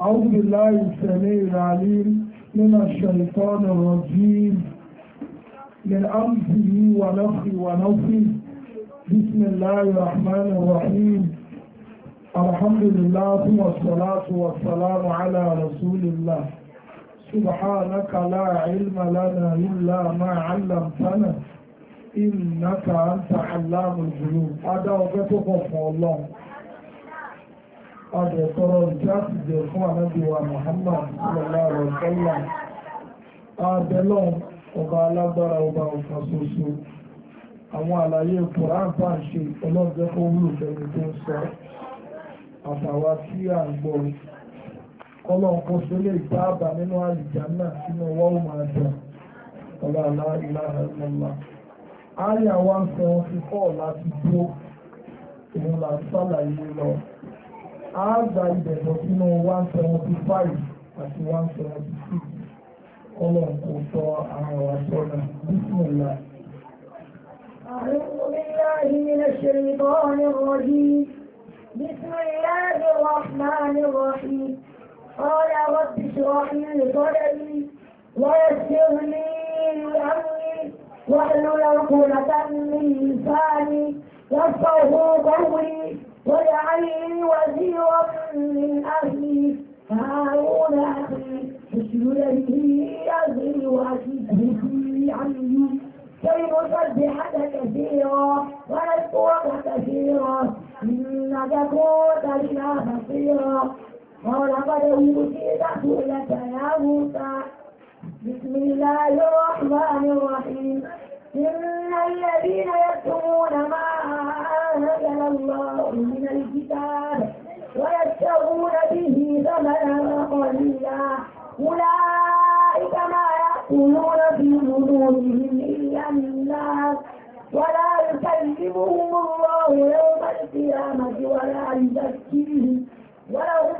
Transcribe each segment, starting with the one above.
أعوذ بالله السميع العليم من الشيطان الرجيم من أمثله ونفخ ونفخ بسم الله الرحمن الرحيم الحمد لله والصلاة والسلام على رسول الله سبحانك لا علم لنا إلا ما علمتنا إنك أنت علام الجنوب هذا وقت الله adẹ̀tọ́rọ̀ ìjásìjẹ fún ànábìwà Muhammad sallallahu alaihi wasallam adẹ́lọ́n ọba alágbára ọba ọ̀fà ṣoṣo àwọn àlàyé Quran bá ń ṣe ọlọ́jẹ́ kó wúlò fẹ́ni tó ń sọ àtàwà tí à ń gbọ́ kọ́lọ́n kó ṣe lè bá àbà nínú sínú ọwọ́ máa ọba láti dúró òun là ń sàlàyé á gba ibẹ̀ lọ sínú one seventy five àti one seventy six ọlọ́run kò sọ àwọn ọ̀ṣọ́ náà bísímìlá. أعوذ بالله من الشيطان الرجيم بسم الله الرحمن الرحيم قال رب اشرح لي صدري ويسر لي أمري واحلل عقدة من لساني يفقه قولي واجعلني وزيرا من أهلي هارون أخي اسجد به أزري وأشده في عمي كي نسبحك كثيرا ونذكرك كثيرا إنك كنت بنا بصيرا قال قد أوتيت سؤلك يا موسى بسم الله الرحمن الرحيم إن الذين يكتبون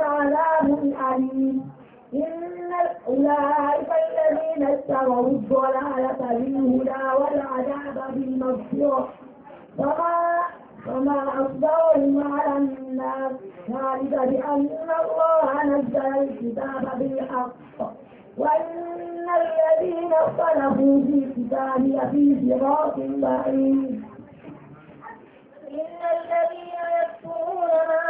عذاب أليم إن أولئك الذين اشتروا الضلالة بالهدى والعذاب بالمغفرة فما وما أصدرهم على النار ذلك بأن الله نزل الكتاب بالحق وإن الذين اختلفوا في الكتاب لفي صراط بعيد إن الذين يكفرون ما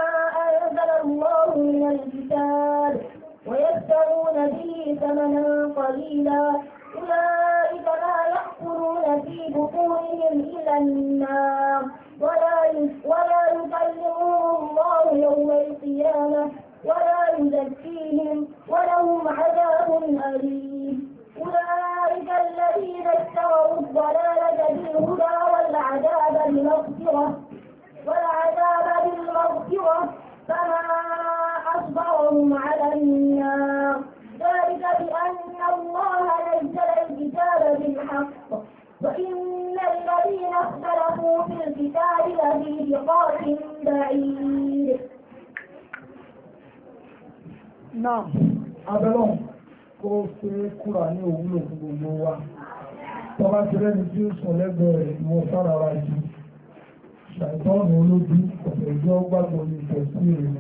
أنزل الله من الكتاب ويشترون به ثمنا قليلا أولئك لا يأكلون في بطونهم إلا النار ولا ولا يكلمهم الله يوم القيامة ولا يزكيهم ولهم عذاب أليم أولئك الذين اشتروا الضلالة بالهدى والعذاب بالمغفرة والعذاب بالمغفرة فما أصبرهم على النار ذلك بأن الله نزل الكتاب بالحق وإن الذين اختلفوا في الكتاب لفي شقاق بعيد náà abẹ́lọ́n kó ṣe kúrà ní òwúlò gbogbo wa tọ́ba ti rẹ́ni tí ó sùn lẹ́gbẹ̀ẹ́ ìwọ̀n sára ara ìdí ṣàìtọ́nù olójú ọ̀pọ̀ ìjọ gbàgbọ́ ní ìtẹ̀sí rẹ̀.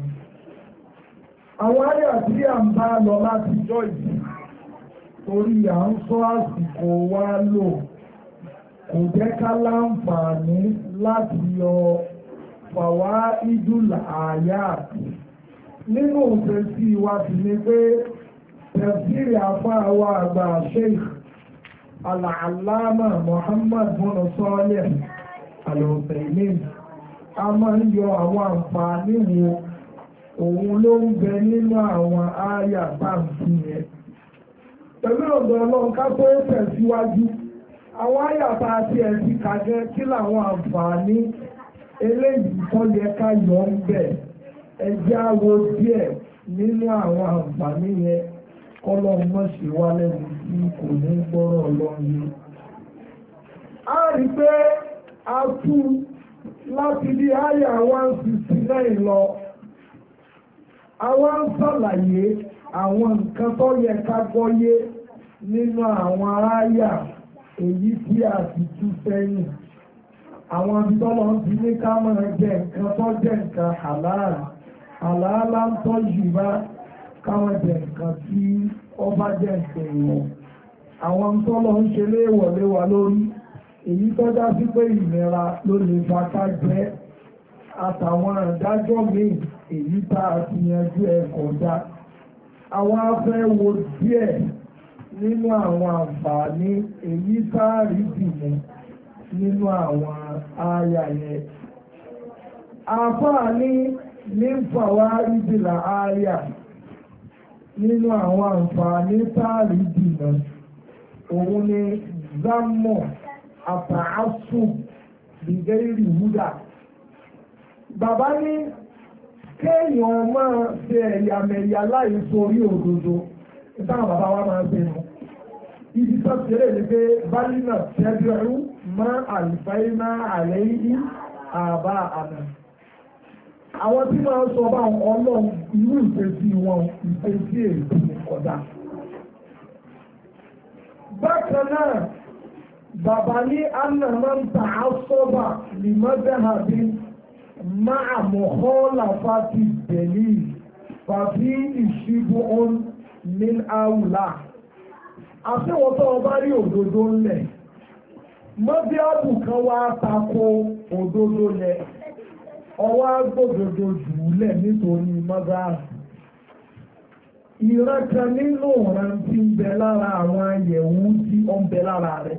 Àwọn àyà tí à ń bá lọ láti jọ yìí torí à ń sọ àsìkò wa lò kò jẹ́ ká láǹfààní láti yọ fàwa ìdúlà àyà nínú ìtẹ̀sí wa sì ni pé tẹ̀síìrì àfáà wa àgbà sheikh alàlámà Muhammad bọ́lá sọ́ọ́lẹ̀. àlòfẹ̀mí a máa ń yọ àwọn àǹfààní wo òun ló ń bẹ nínú àwọn àyà báǹkì rẹ̀. pẹ̀lú ọ̀dọ̀ ọlọ́run ká tó tẹ̀síwájú àwọn àyà a ti kí làwọn àǹfààní eléyìí ní gbọ́rọ̀ a tú láti bí àyà 169 lọ àwọn ń ṣàlàyé àwọn nǹkan tó yẹ ká gbọ́yé nínú àwọn àyà èyí tí a sì tú sẹ́yìn àwọn abitọ́lọ́ ti ní ká máa jẹ nǹkan tó jẹ nǹkan halal àlàálá ń tọ́ yìí bá káwọn jẹ nǹkan tí ọba jẹ nǹkan ìwọ̀n àwọn tọ́lọ́ ń ṣe léèwọ̀ léwa lórí èyí tó dá sí pé ìlera ló lè fa ká jẹ́ àtàwọn àdájọ́ míì èyí tá a ti yanjú ẹ̀ kọjá àwọn afẹ́ wo díẹ̀ nínú àwọn àǹfààní èyí tá a rí dìmú nínú àwọn àyà yẹn àǹfààní ní fàwa ìdìlà àyà nínú àwọn àǹfààní tá a rí dìmú òun ni zámọ̀ àbàásù bìgẹ́rì múdà bàbá ní kéèyàn máa ṣe ẹ̀yàmẹ̀yà láì sórí òdodo ìtàn bàbá wa máa ṣe nù ibi tó ṣeré ni pé bálínà tẹ́bíọ́rú máa àlùfáì máa àlẹ́ yìí àbá àná àwọn tí máa sọ bá ọlọ́run irú ìfèsì wọn ìfèsì èdè kọjá bákan náà bàbá ní anàmọ́ ń ta àsọ́bà lìmọ́dẹ́hàbí máa mọ̀họ́lá fati tẹ̀lé fàfi ìṣíbù ọ́n ní àwùlà àfẹ́wọ́tọ́ ọba rí òdodo ńlẹ̀ mọ́bíọ́bù kan wá tako òdodo lẹ̀ ọwọ́ agbódodo jùúlẹ̀ nítorí mọ́gáàsì ìran nínú ọ̀ràn ti ń bẹ lára àwọn àyẹ̀wò tí ó ń bẹ lára rẹ̀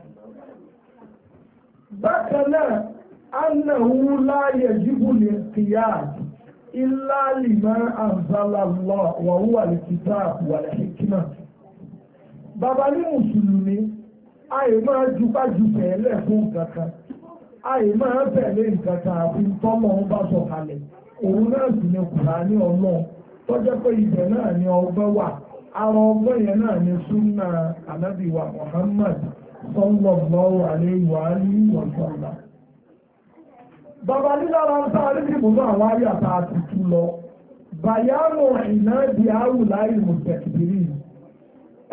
bákan náà annahu la yajibu al-inqiyad illa lima wa huwa babali kitab wal hikma bàbá ní mùsùlùmí máa jupá ju fún kankan àyè máa tẹ̀lé nǹkankan àfi tọ́mọ̀ ń bá sọ̀kalẹ̀ òun náà sì ni Kùránì Ọlọ́run tọ́jọ́ pé ibẹ̀ náà ni ọgbẹ́ ni sallallahu alaihi wa alihi wa sallam bàbá nílára ń sáré dìbò náà wáyé àtàtì tú lọ bàyánù ìná di àwùlá ìmùtẹ̀kìbìrì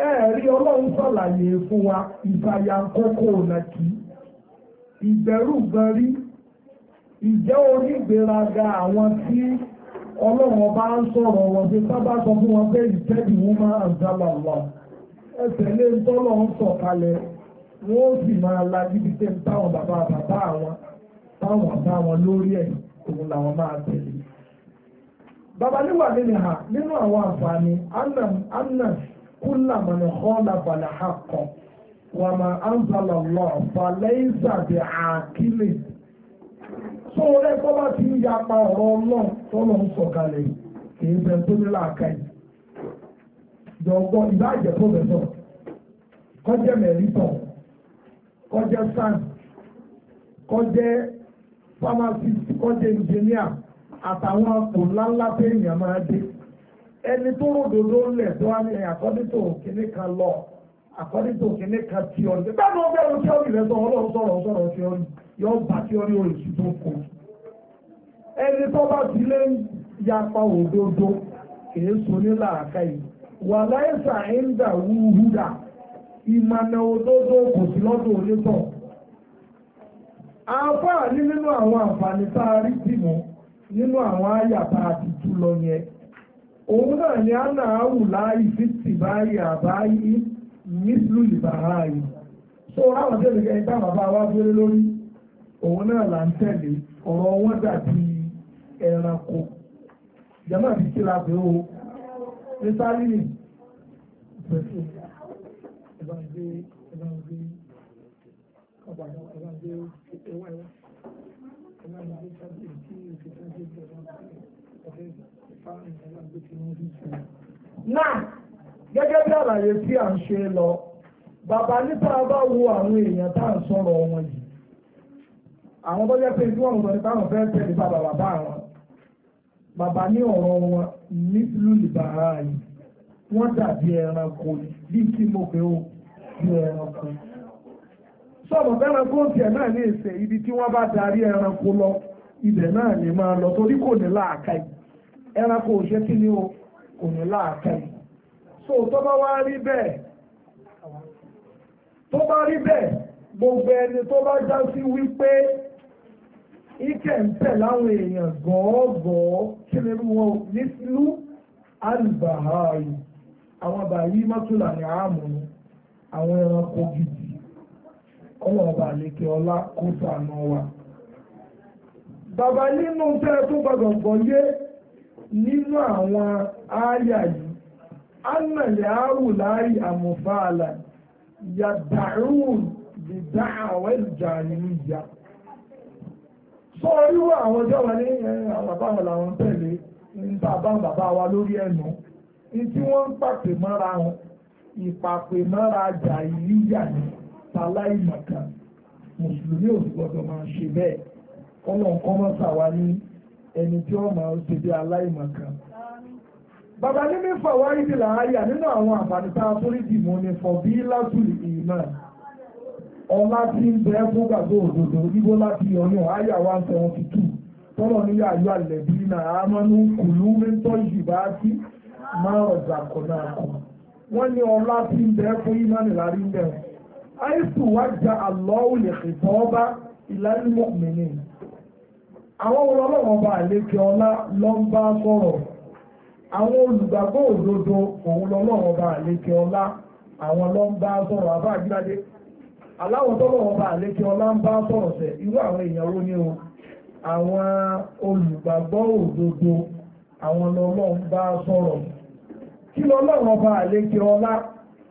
ẹ̀ẹ̀rí ọlọ́run sọ̀làyé fún wa ìbàyàkókò nàkí ìbẹ̀rù gan ìjẹ́ onígbèraga àwọn tí ọlọ́run ọba ń sọ̀rọ̀ wọn sábà sọ fún wọn pé máa ń ẹsẹ̀ lé wọ́n ó sì máa la níbi tẹ́ ń bàbá bàbá àwọn bá wọn lórí ẹ̀ òun làwọn máa tẹ̀lé. bàbá nínú ha nínú àwọn àǹfààní anna kúlà mọ̀nà kọ́lá balẹ̀ ha kọ́ wà máa anzala Allah falẹ́ ìsàbí àkílẹ̀. rẹ kọ́ bá ti ń ọ̀rọ̀ ọlọ́run ń sọ̀kalẹ̀ kì í tó ní kọjẹ́ sàn kọjẹ́ pharmacist kọjẹ́ engineer àtàwọn ọkùn ńláńlá tó èèyàn máa dé ẹni tó ròdòdó ńlẹ̀ tó wá ní àkọ́dítò kìíní kan lọ àkọ́dítò kìíní kan tí ọ ní báwo bẹ́ẹ̀ ló tí ó rí rẹ sọ ọlọ́run sọ̀rọ̀ sọ̀rọ̀ tí ó rí yọ bá tí ó rí oríṣi tó kù ẹni tó bá ti lé yapa òdodo kìí so ní làákàyè wà láìsàn ń dà wúhúdà ìmọ̀nà òdodo kò sí lọ́dọ̀ onítọ̀ àfáà ní nínú àwọn àǹfààní tá a rí sí mọ́ nínú àwọn àyà tá a ti tú lọ yẹn òun náà ni a láàyè báyìí so àwọn kẹ́yìn tá bàbá wa lórí òun náà là ń tẹ̀lé ọ̀rọ̀ wọn dàbí ẹranko o ní sáré ẹ̀bá gbé ẹ̀bá gbé ọ̀pá ẹ̀bá gbé ẹwà ẹwà ẹ̀bá gbé sábì tí òkè sábì tí ẹ̀bá gbé ọ̀fẹ́ fáàmì ẹ̀bá gbé tí wọ́n rí sí. náà gẹ́gẹ́ bàbá nípa bá wo àwọn èèyàn tá à ń sọ̀rọ̀ wọn yìí àwọn tó jẹ́ pé tí wọ́n mọ̀ nípa àwọn fẹ́ tẹ̀lé bàbá bàbá àwọn bàbá ní ọ̀rọ̀ wọn nílùú ìbàrá yìí wọ́n dàbí ẹranko bí kí mo pè ó bí ẹranko. sọ̀rọ̀ ẹranko tiẹ̀ náà ní ìsẹ̀ ibi tí wọ́n bá darí ẹranko lọ ibẹ̀ náà ní máa lọ torí kò ní làákàyè ẹranko ò ṣe kí ni o kò ní làákàyè. so tó bá wá rí bẹ́ẹ̀ tó bá rí bẹ́ẹ̀ gbogbo ẹni tó bá já sí wípé ike ń tẹ̀ láwọn èèyàn gọ́ọ̀gọ́ọ̀ kí ni wọ́n nílùú alùbáhàáyì. àwọn bàyí mọ́tòlá ní àámù ni àwọn ẹranko gidi ọlọ́ọ̀bà àlekè ọlá kó sànù wa. bàbá nínú tẹ́ tó gbọdọ̀ gbọ́ yé nínú àwọn ááyà yìí ánàlẹ́ àrù láàyè yàdàrún dídá àwọn ìjà nínú ìyá. sọ àwọn bàbá wọn làwọn tẹ̀lé bàbá wa lórí ìtí wọ́n ń pàpè mọ́ra wọn ìpàpè mọ́ra jà ìlíyà ní tàláìmọ̀kan mùsùlùmí ò sì gbọdọ̀ máa ṣe bẹ́ẹ̀ ọlọ́run kọ́ mọ́ sàwa ní ẹni tí wọ́n máa ń ṣe bí aláìmọ̀kan. bàbá ní mi fà wáyé ti làáyà nínú àwọn àǹfààní tá a tó rí dìmọ́ ni fọ̀ bí látùlì ìmọ̀ ọlá tí ń bẹ fún gbàgbọ́ òdodo ibo láti ọyàn àyà one seventy two tọ́lọ̀ níyà ayọ́ àlẹ́bí náà àmọ́ ní kùlú mi ìjìbá sí máa ọ̀zà kọ̀nà àkọ́ wọ́n ní ọlá tí ń bẹ́ẹ̀ fún ìmánì lárí ń bẹ̀rẹ̀ àìsù wá ja àlọ́wù lè fi tọ́ọ́bá ìlànà mìíní àwọn olólùwọ̀n ọba àlejò ọlá ló ń bá sọ̀rọ̀ àwọn olùgbàgbọ́ òdodo òun lọ́lọ́wọ́n ọba àlejò ọlá àwọn ló ń bá sọ̀rọ̀ àbá àgbíládé aláwọ̀ tọ́lọ́wọ́n ọba àlejò ọlá ń bá sọ̀rọ̀ sẹ̀ irú àwọn èèyàn ló ní o àwọn olùgbàgbọ́ òdodo àwọn lọ́lọ́wọ́n bá sọ̀rọ̀ kí lọ́lọ́run ọba àlejò ọlá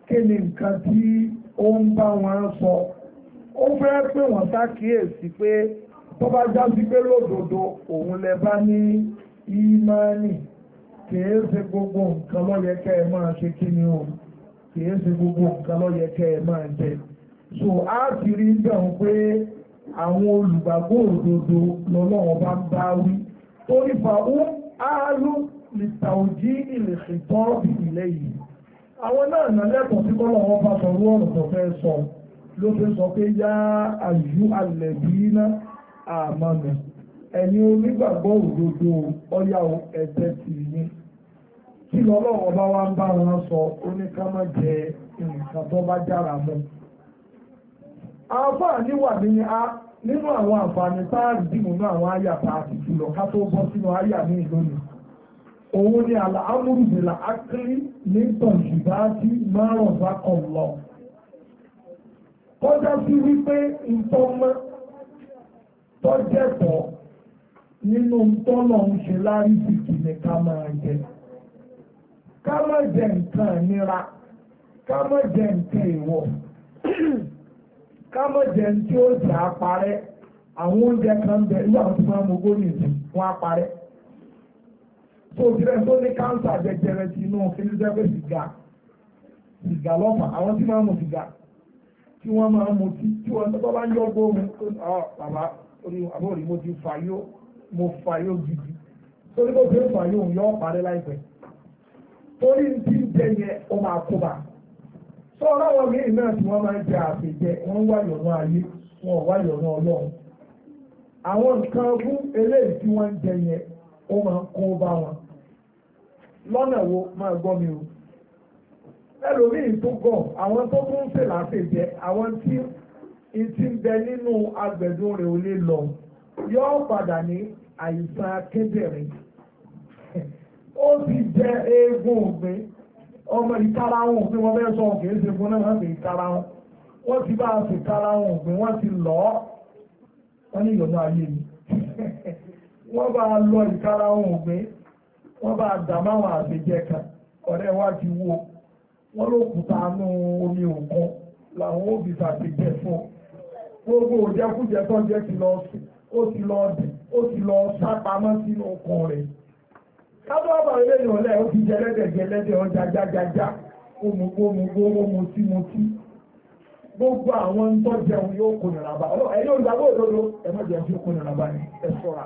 kí ni nǹkan tí ó ń bá wọn sọ ó fẹ́ pé wọ́n ṣàkíyèsí pé tó bá já sí pé lódodo òun lẹ bá ní ìmánì kìí ṣe gbogbo nǹkan lọ́yẹ kẹ́ ẹ máa ṣe kí ni o kìí ṣe gbogbo nǹkan lọ́yẹ kẹ́ ẹ máa jẹ so a ti rí bẹ̀rù pé àwọn olùgbàgbọ́ òdodo lọ́lọ́run bá ń bá wí torí fa ó á lóko lìtàòjì ìlẹ̀ṣẹ̀tọ́ ìpìlẹ̀ yìí àwọn náà nà lẹ́tọ̀ọ́ sí kọ́lọ̀ wọn bá sọ lóòrò tó fẹ́ sọ ló fi sọ pé yá àyú alẹ̀bíná àmàmì ẹni onígbàgbọ́ òdodo ọyá ẹ̀tẹ́ tì ní kí lọ́lọ́wọ́ bá wá ń bá wọn sọ oníkámá jẹ nǹkan tó bá jára mọ́ àǹfààní wà nínú a nínú àwọn àǹfààní táàrí dìbò náà àwọn àyà tá a ti jùlọ ká tó bọ́ sínú àyà ní ìlónìí òun ni àlàámúrù bìlà ákírí ní tọ̀jùbá sí márùn bá kàn lọ kọjá sí wípé ìtọ́mọ́ tọ́jẹ̀tọ̀ nínú tọ́lọ̀ ń ṣe lárí ìsìnkì ní ká máa jẹ ká má jẹ nǹkan nira ká má jẹ nǹkan ìwọ̀ ká má jẹ tí ó jẹ àparẹ́ àwọn oúnjẹ kan bẹ irú àwọn mú gómìnà wọn àparẹ́ tó tirẹ̀ tó ní káńsà jẹjẹrẹ ti inú elizabeth sìgá sìgá lọ́fà àwọn tí máa ń mu sìgá tí wọ́n máa ń mu tí tí wọ́n tó bá ń yọ gbóhùn ọ ah, bàbá àbúrò mo ti fà yó mo fà yó gidi torí bó ṣe ń fà yó yọ parí láìpẹ́ torí ti ń jẹ yẹn ó máa kó bá sọ́ọ́rọ́ wọn mí náà tí wọ́n máa ń jẹ àpèjẹ wọ́n wá yọ̀nà ayé wọn wá yọ̀nà ọlọ́run àwọn nǹkan ọdún eléyìí tí wọ́n ń jẹ yẹn ó máa ń kó bá wọn lọ́nà wo máa gbọ́ mi o ẹlòmíì tó gọ̀ àwọn tó tún ń fè láti jẹ àwọn tí ti ń bẹ nínú agbẹ̀dùn rẹ̀ ò lè lọ yóò padà ní àìsàn kébìnrin ó ti jẹ eégún ògbìn ọmọ ìkarahun ògbìn wọn fẹ́ sọ kìí ṣe fún náà wọn fi ìkarahun wọ́n ti bá a fi ìkarahun ògbìn wọ́n ti lọ ọ́ wọ́n ní ìyọ̀nà ayé mi wọ́n bá a lọ ìkarahun ògbìn wọ́n bá dàmáwọn àgbèjẹ kan ọ̀rẹ́ wa ti wo wọ́n ló kùtà nú omi òkun làwọn òbí ṣàgbèjẹ fún gbogbo òjẹkújẹ tó jẹ ti lọ sí ó ti lọ dì ó ti lọ sápamọ́ sínú ọkàn rẹ̀ kábọ̀ ọ̀bà ilé ìrọ̀lẹ́ ó ti jẹlẹ́dẹ̀ jẹlẹ́dẹ̀ ọjà jájájá omugbómugbó omutí gbogbo àwọn ń tọ́jẹun yóò kó nìrànlá ẹ̀yìn olùdàgbò òdodo ẹ̀mọ́jẹ̀ ń fi kó nìrànlá ẹ̀ sọ́ra.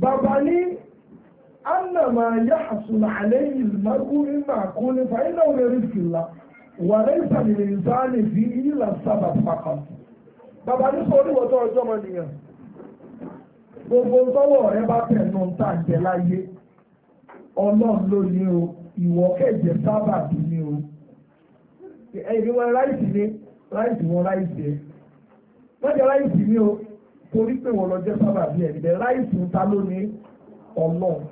bàbá ní anna ma yá àsùnà àlẹ́yìn ìmọ̀kú ìmọ̀ àkúnni fàyínà òun rí fìlà wà lẹ́sà nílẹ̀ ìsáàlì fi ìlà sábà pàkà bàbá ní sọ oníwọ̀tọ́ ọjọ́ mọ nìyẹn gbogbo tọwọ́ rẹ bá tẹnu ń tàjẹ láyé ọlọ́run ló ní o ìwọ kẹjẹ sábà bí ní o ẹ̀yìn wọn ráìsì ní ráìsì wọn ráìsì ẹ wọ́n jẹ ráìsì ní o torí pé wọ́n lọ jẹ́ sábà bí ẹ̀ ìbẹ̀ láìsí ta ló ní ọlọ́run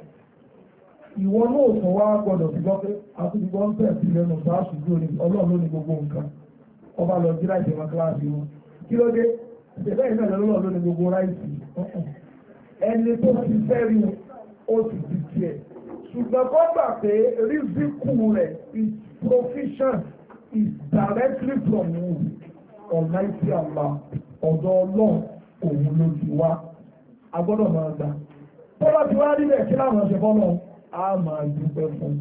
ìwọ náà tún wá gbọdọ̀ sí gbọ́ pé àtúntìgbọ́ ń tẹ̀ sí lẹ́nu sáàsù lórí ọlọ́run ló ní gbogbo nǹkan ọba lọ jí láìsí wọn kíláàsì wọn kí ló dé ìṣẹ̀lẹ̀ ìṣẹ̀lẹ̀ ọlọ́run ló ní gbogbo ráìsì ẹni tó ti fẹ́rí ó sì ti tiẹ̀ ṣùgbọ́n kọ́ gbà pé rízíkù rẹ̀ is provision is directly from you Almighty Allah ọ̀dọ̀ ọlọ́run òun ló ti wá a gbọ́dọ̀ máa gbà tọ́lá ti wá níbẹ̀ kí láwọn ṣe fọ́lọ́ a máa dúpẹ́ fún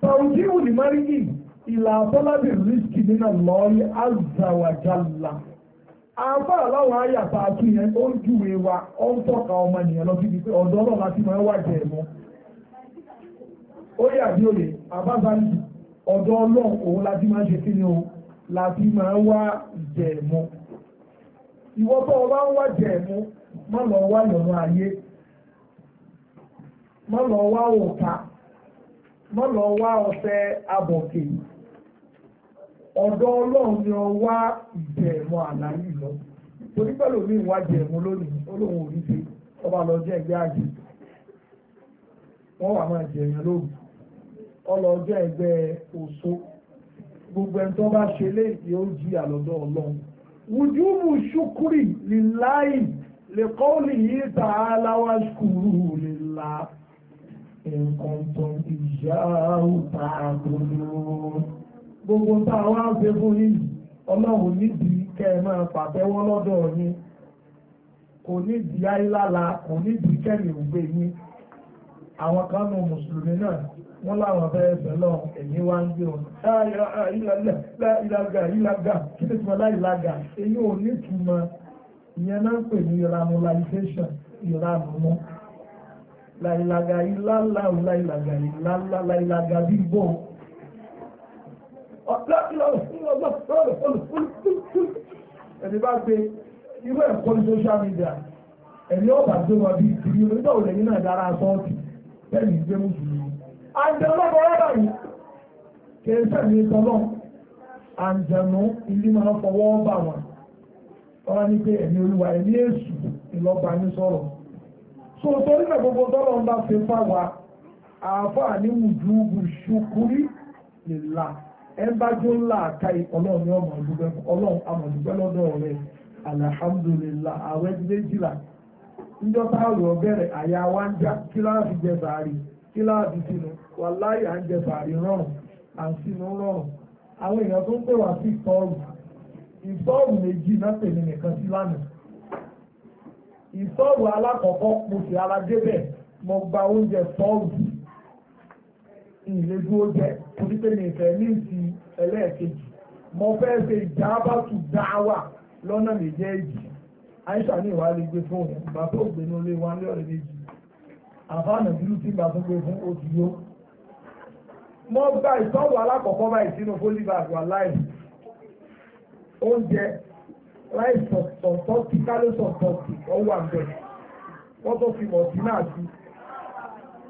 tàùjí òní máríkì ìlà àtọ́lábì rìskì nínú lọ́ọ́lì azàwàjálà àbá aláwọ̀ ayàtà àti yẹn ó ń júwe wa ó ń tọ́ka ọmọ ènìyàn lọ síbi pé ọ̀dọ́ ọlọ́run láti máa wà jẹ́ ẹ̀mọ́ ó yà bí òye àbábáyé ọ̀dọ́ ọlọ́run òun láti máa ṣe kí ni o láti máa wà jẹ́ ẹ̀mọ́ ìwọ tó ọba bá ń wá jẹ̀mú má lọ wá ayé má lọ wá òòta má lọ wá ni ọ wá àlàyé lọ torí pẹ̀lú mi wá jẹ̀mú lónìí olóhùn ọba lọ wà máa gbogbo ẹni tó bá ṣe wùjúbù ṣúkúrì lìláì lè kọ́ọ̀lì yìí ta'ala washkuru lillah in kuntum iyyahu ta'budun gbogbo tá a wá ń fẹ́ fún yìí ọlọ́run nídìí kẹ́ ẹ máa pàtẹ́wọ́ lọ́dọ̀ yín kò nídìí ayélála kò nídìí kẹ́lì ògbé yín àwọn kan mùsùlùmí náà wọ́n láwọn fẹ́ sẹ́lọ̀ èyí wá ń gbé wọn láìlága ìlága kí ni tuma láìlága èyí ò ní tuma ìyẹn náà ń pè ní ìranulization ìranumọ́ láìlága ìlàlá ò láìlága ìlàlá láìlága bí bò ẹni bá gbé irú ẹ̀kọ́ ní social media ẹ̀yìn ọ̀bà gbé wọn bíi tìrì onígbà òlẹ̀yìn náà dára sọ́ọ̀tì bẹ́ẹ̀ ni gbé mùsùlùmí. àjẹ̀nú bọ́lá báyìí kìí sẹ́mi ìtọ́lọ́ àjẹ̀nú ilé máa fọwọ́ bà wọn ọ̀rọ̀ ní pé ẹ̀mí olúwa ẹ̀mí èṣù ìlọ́gbà ní sọ̀rọ̀ so torí náà gbogbo tọ́lọ̀ ń bá fi fà wá àáfàá ní wùdúùbù ṣukúrí nìlà ẹ bá jó ńlá àka ọlọ́run ní ọmọ ọdúgbẹ́ amọ̀dúgbẹ́ lọ́dọ̀ rẹ̀ àyà kí fi jẹ sàárì kí láàbì sínú wà láyé à ń jẹ bàrí rọrùn à ń sínú rọrùn àwọn èèyàn tó ń pè wá sí ìtọ́ọ̀rù ìtọ́ọ̀rù méjì náà tèmi nìkan sí lánàá ìtọ́ọ̀rù alákọ̀ọ́kọ́ mo sì ara débẹ̀ mo gba oúnjẹ tọ́ọ̀rù ìlé dúró jẹ torí pé mi ìfẹ́ ní ìsì ẹlẹ́ẹ̀kejì mo fẹ́ ṣe ìjábàtú dáwà lọ́nà méjèèjì àìsàn ní ìwà gbé fóònù bàbá ògbénú lé wa ní ọ̀rẹ́ méjì àbáànà bírú tí bá tó gbé fún oṣù yó mo gba ìtọ́wò alákọ̀ọ́kọ́ báyìí sínú fólíbàgù aláì oúnjẹ láì sọ̀tọ́tì kálé sọ̀tọ́tì ọwọ́ àgbẹ̀ wọ́n tó fi mọ̀tí náà sí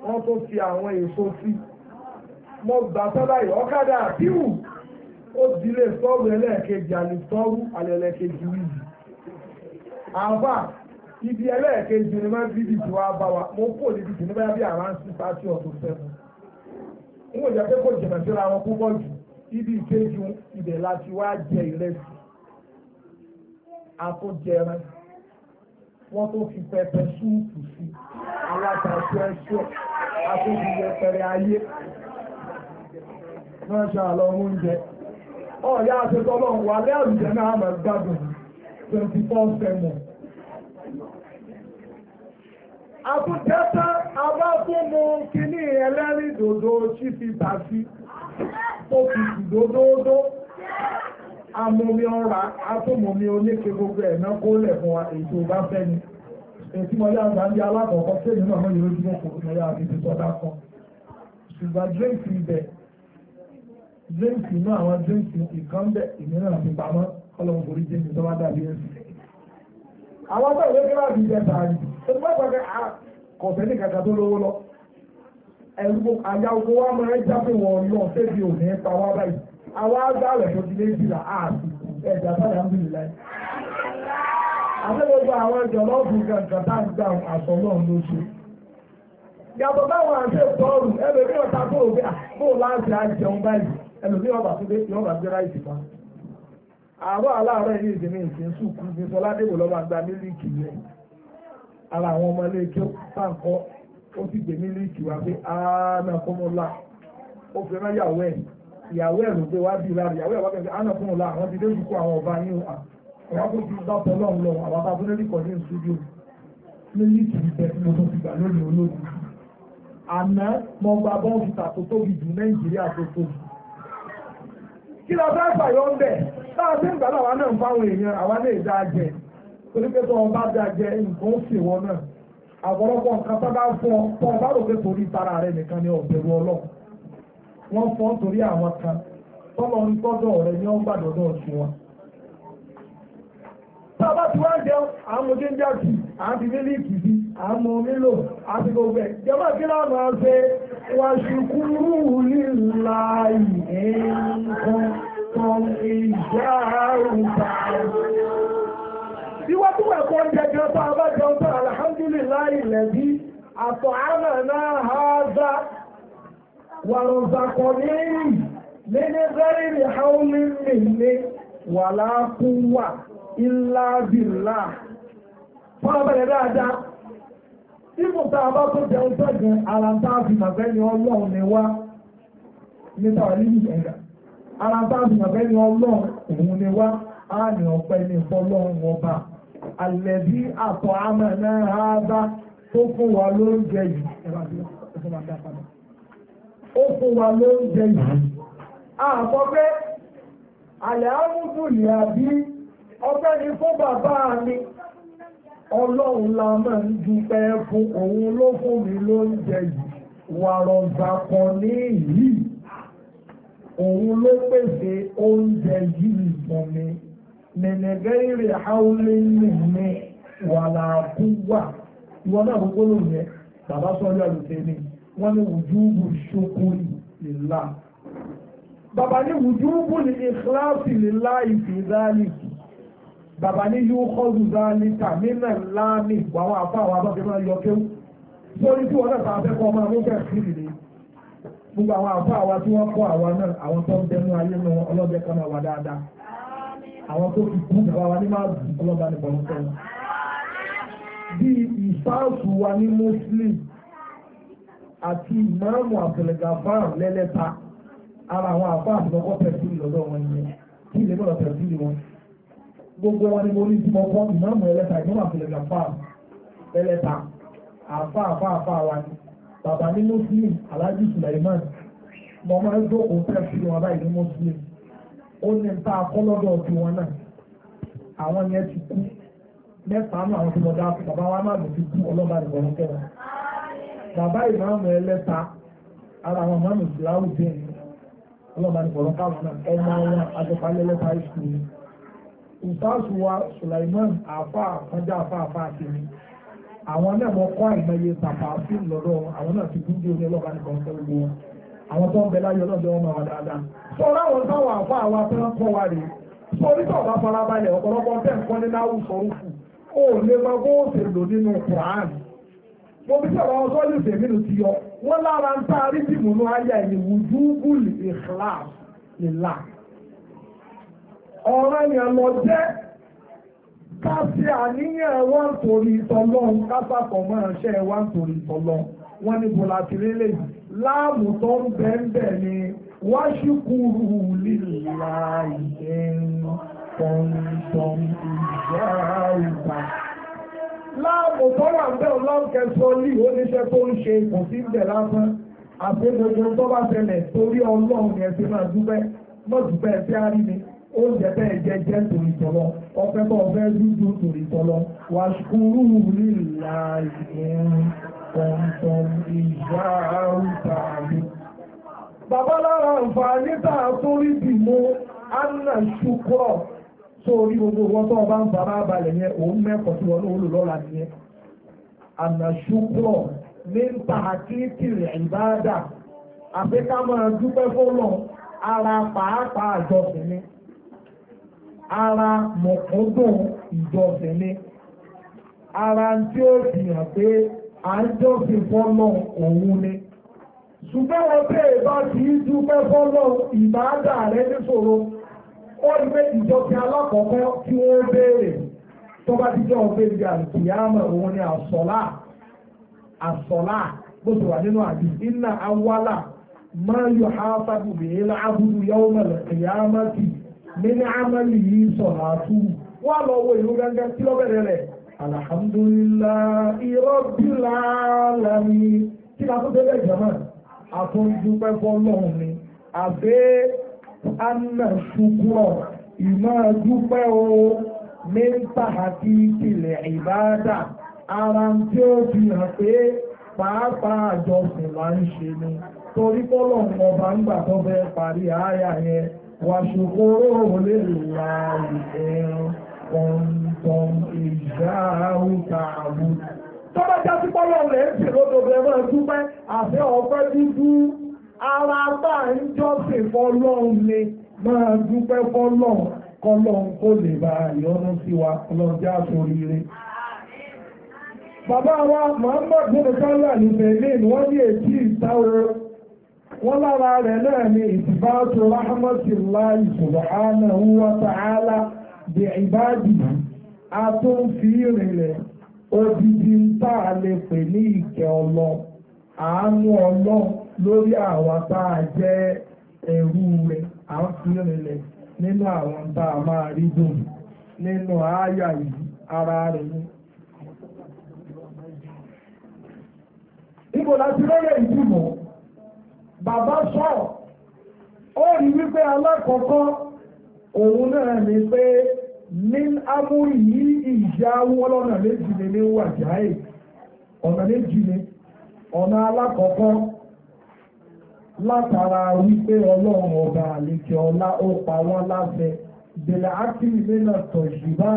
wọ́n tó fi àwọn èso sí mo gbà sọ́dá ìyọ́kádà àbíwù ó dilé sọ́ọ̀rù ẹlẹ́ẹ̀kejì àlè sọ́ọ̀rù àlẹ́lẹ́kejì wíìlì àbá ibi ẹlẹ́ẹ̀kejì ni máa ń bí ìdìbò wa bá wa mo kó níbi ìdìbò bá bí àwọn sí pàtí ọ̀tún sẹ́nu n kò jẹ́ pé kò jìnnà síra wọn púpọ̀ jù ibi ìkejì ibẹ̀ láti wá jẹ ìrẹsì àtúnjẹrẹ wọ́n tó fi pẹpẹ súùpù sí alátaṣọ ẹṣọ àtúnjẹ pẹrẹ ayé wọ́n ṣe àlọ́ oúnjẹ ọ̀ọ́yá àṣetọ́lọ́ wà lẹ́rù jẹ́ náà máa gbádùn twenty four seven àbúkẹ́tà abáfúnmu kìíní ẹlẹ́rìí dòdò tí fi bà sí tó fi dòdòdó amómi ọ̀rá atúmọ̀mí oníke gbogbo ẹ̀ náà kó lẹ̀ fún wa èyí tó bá fẹ́ ni èyí mo yá àgbà ń di alákọ̀ọ́kọ́ tí èyí náà yóò dúró kò mo yá àbí ti sọ́dá kan ṣùgbọ́n dírẹ́ǹkì ibẹ̀ dírẹ́ǹkì náà àwọn dírẹ́ǹkì ìkànnbẹ̀ ìmíràn àti pamọ́ ọlọ́run kò rí jẹ́ mi tó bá dàbí ẹ̀sìn àwọn tó ìwé kíláàsì ìjẹta rí ẹgbẹ́ pẹ̀lú àkọ̀sẹ́lì kàkà tó lówó lọ ẹ̀rù àyàwó wa máa ń jáfẹ́ wọn lọ sébi òní pa wá báyìí àwọn agbáwẹ̀ tó ti lé jìlá ààbò ẹ̀dà sáyà ń bì nílẹ̀ àtẹ́gbẹ́gbẹ́ àwọn ẹ̀jọ̀ lọ́ọ̀bù gàǹgà tá à ń gbà àṣọ náà lóṣù yàtọ̀ táwọn àṣẹ tọ́ọ̀rù ẹlòmíràn ta kó òbí àpò láti àjẹun báyìí ẹlòmíràn bàtúndé yọ̀ọ̀bà gbéra ìsìnkú àárọ̀ aláàárọ̀ ilé ìdèmí ìsìn sùkú ní sọládébò lọ́wọ́ àgbà mílíìkì rẹ̀ ara àwọn ọmọ ilé ìjọ pàǹkọ́ ó sì gbé mílíìkì wá pé áánà fúnmọ́lá ó fi rán yàwó ẹ̀ ìyàwó ẹ̀ ló gbé wá bí lára ìyàwó ẹ̀ wá pẹ̀lú áánà fúnmọ́lá àwọn ti dé sùkú àwọn ọba ní àwọn kò ti bá tọ́ lọ́run lọ àwọn bá fúnlẹ́rì kọ́ ní ìsúdíò mílíìkì ìbẹ̀ mo tó ti gbà lónìí olóògùn àná mo gba bọ́ọ̀lù tà tóbi jù Nàìjíríà tó tóbi kí la bá fàyọ ń bẹ̀ bá a ti ń gbàdá àwa náà ń fáwọn èèyàn àwa náà dá jẹ torí pé tó ọba dá jẹ nǹkan ó sì wọn náà àpọ̀lọpọ̀ nǹkan tó bá fún ọ tó ọba rò pé torí tara rẹ nìkan ni ọ̀bẹ̀rù ọlọ́run wọ́n fọ́ torí àwọn kan tọ́lọ́ ń tọ́jọ́ rẹ ní ọgbà dọ́dọ̀ sí wọn. tá a bá ti wá jẹun à ń mu jíńjà sí à ń mílò àti gbogbo ẹ̀ jẹ́wọ́ kí lẹ́bí àtọ̀ àmà náà ha dá wàrọ̀zàkọ̀ lẹ́yìn ní haúlì lẹ́lẹ́ wà láàkúwà ilá bìlá fọ́nàbẹ̀rẹ̀ dáadáa ibùta bá tó jẹun tẹ́gẹ̀ aláǹtàbí màbẹ́ni ọlọ́run ni wá nípa ìlú ẹ̀gà aláǹtàbí màbẹ́ni ọlọ́run òun ni wá tó fún wa lóúnjẹ yìí ó fún wa lóúnjẹ yìí àkọ́ pé àlẹ́ àmúdù ní àbí ọpẹ́ ni fún bàbá mi ọlọ́run la máa ń dúpẹ́ fún òun ló fún mi lóúnjẹ yìí wàrọ̀ǹbà kan ní yìí òun ló pèsè oúnjẹ yìí fún mi mẹ̀lẹ́gẹ́ ìrẹ̀ haúlé nìmi wàlàkúwà ìwọ náà gbogbo ló yẹ bàbá sọ́jọ́ àlùfẹ́ ni wọ́n ní wùjúùbù ṣokùnrin lèlá bàbá ní wùjúùbù ní ìkíláàsì lèlá ìfìdálì bàbá ní yóò kọ́dù dálì tàmínà láàmì wàwọn afáwọn abọ́fẹ́ máa yọ kéwù sórí tí wọ́n náà ta afẹ́kọ́ ọmọ àwọn ọmọ ìfìdí gbogbo àwọn afáwọn tí wọ́n kọ́ àwọn náà àwọn tó ń bẹnu ayé nu ọlọ́bẹ kan náà wà dáadáa àwọn tó fi kú bàbá wa ní máa dùn ọlọ́ba ní bọ̀mọ́tẹ́ni bí ìsáàsù wa ní muslim àti ìmáàmù àbẹ̀lẹ̀gàfáà lẹ́lẹ́ta ara àwọn àbá àtìlọ́kọ́ tẹ̀sílì lọ́dọ̀ wọn yẹn kí ilé mọ̀lọ́ tẹ̀sílì wọn gbogbo wọn ni mo ní tí mo kọ́ ìmáàmù ẹlẹ́ta ìmáàmù àbẹ̀lẹ̀gàfáà lẹ́lẹ́ta àfa àfa àfa wa ni bàbá ní muslim alhaji suleiman mo máa ń dókòó tẹ̀sílì wọn báyìí ní muslim ó ní ta akọ́lọ́dọ̀ tiwọn náà àwọn yẹn ti kú mẹ́ta náà àwọn tó lọ́dá bàbá wa máa lò kú ọlọ́ba rẹ̀ wọ́n kẹ́wọ́. bàbá ìmáàmù ara àwọn ọlọ́ba rẹ̀ káwọn náà wọn ìṣù ni. Sulaiman àfa àfa àfa àwọn náà mọ kọ́ àìmọye sí àwọn náà ti ọlọ́ba rẹ̀ àwọn tó ń bẹ láyé wọn máa wà dáadáa. sọ láwọn táwọn àfa àwa fẹ́ràn kọ́ wa rèé sọ orí tó ọba ó lè máa gbóòsè lò nínú kùránì gbogbo sọ̀rọ̀ ọjọ́ yóò tẹ̀mí ló ti yọ wọ́n lára ń taari tí mo ní ayé ẹ̀yìn wùdúgùlì ìkìláàs ìlà ọ̀rọ̀ yẹn lọ jẹ́ ká ṣe àníyàn wá ń torí ìtọ́lọ́hún ká sàpọ̀ mọ́ ẹ̀ṣẹ́ wá ń torí ìtọ́lọ́hún wọ́n ní bọ́lá ti rí lè láàmù tó ń bẹ́ẹ̀ bẹ́ẹ̀ ni wáṣíkúrú lílá ìdẹ́rùn kọ̀ǹtọ̀m ìyáàrùbá. Láàmù tó wà ń bẹ́ ọlọ́ọ̀kẹ́sọ lì oníṣẹ́ tó ń ṣe kò sí bẹ̀ lásán. Àbẹ́gbẹ́gbẹ́ tó bá ṣẹlẹ̀ torí ọlọ́run yẹn máa dúpẹ́. Mọ̀dúpẹ́ tí a rí ni oúnjẹ bẹ́ẹ̀ jẹ́ jẹ́ torí Ọpẹ́ bọ́ ọpẹ́ dúdú torí tọ́lọ́. Wàṣkúrú tó orí gbogbo wọn tó ọba ń bàbá balẹ̀ yẹn òun mẹ́kọ̀ọ́ tí wọn lóòlù lọ́la nìyẹn ànàṣúkúrọ̀ ní ta àkíkìrì ìbáàdà àfi ká máa dúpẹ́ fọ́lọ́ ara pàápàá àjọsìn ni ara mọ̀kúndùn ìjọsìn ni ara tí ó fi hàn pé à ń jọ́sìn fọ́lọ́ òun ni ṣùgbọ́n wọn bẹ́ẹ̀ bá ti dúpẹ́ fọ́lọ́ ìbáàdà rẹ níṣòro wọ́n rí pé ìjọsìn alákọ̀ọ́kọ́ tí wọ́n béèrè tó bá ti jẹ́ ọ̀gbẹ́ ibi àlùkìyàmọ̀ òun ni àsọ̀lá àsọ̀lá bó ti wà nínú àbí iná awálà máa yọ áfàbù bèèrè láàbùdù yàwó mẹ́lẹ̀ ìyàmọ̀ tì mí ní yìí sọ̀rọ̀ àtú wà lọ́wọ́ ìlú gángan kí lọ́bẹ̀rẹ̀ rẹ̀ alhamdulillahi rabbil alamin kí lásán tẹ́lẹ̀ ìjọba àtúndúpẹ́ fọ́lọ́hùn ni àbẹ́ anna ṣùkúrọ̀ ìmọ̀ dúpẹ́ o mẹ́ta àti ìpìlẹ̀ ìbáadà ara tí ó fi hàn pé pàápàá àjọsìn là ń ṣe ni torí pọ́lọ̀ ọba ń gbà tó fẹ́ parí àáyà yẹn wà ṣòkòrò lè la ìfẹ́ràn ọ̀ǹtọ̀n ìjà àrùkà sí pọ́lọ̀ rẹ̀ ń ṣe lódodo máa dúpẹ́ àfẹ́ ọ̀pẹ́ dúdú ara tá à ń jọ́sìn fọlọ́run ni máa dúpẹ́ fọlọ́run kọlọ́run kó lè bá ìyọ́nú sí wa ọlọ́jà sóríire. bàbá wa Muhammad bínú kálá ní Berlin wọ́n ní ètí ìsáwó wọ́n lára rẹ̀ náà ni ìtìbáṣọ rahmatullahi subhanahu wa ta'ala bi ibadihi a tó ń fi àánú ọlọ́ lórí àwọn tá a jẹ́ ẹ̀rú rẹ̀ à nínú àwọn tá a máa rí dùn nínú àáyà yìí ara rẹ̀ ní láti ìdìbò, bàbá ó rí wípé alákọ̀ọ́kọ́ òun náà ni pé ní amúrí yìí ìyá ọ̀nà alákọ̀ọ́kọ́ látara wípé ọlọ́run ọba àlejò ọlá ó pa wọ́n láṣẹ ìbẹ̀lẹ̀ ákìlì lẹ́nà tọ̀ṣìbá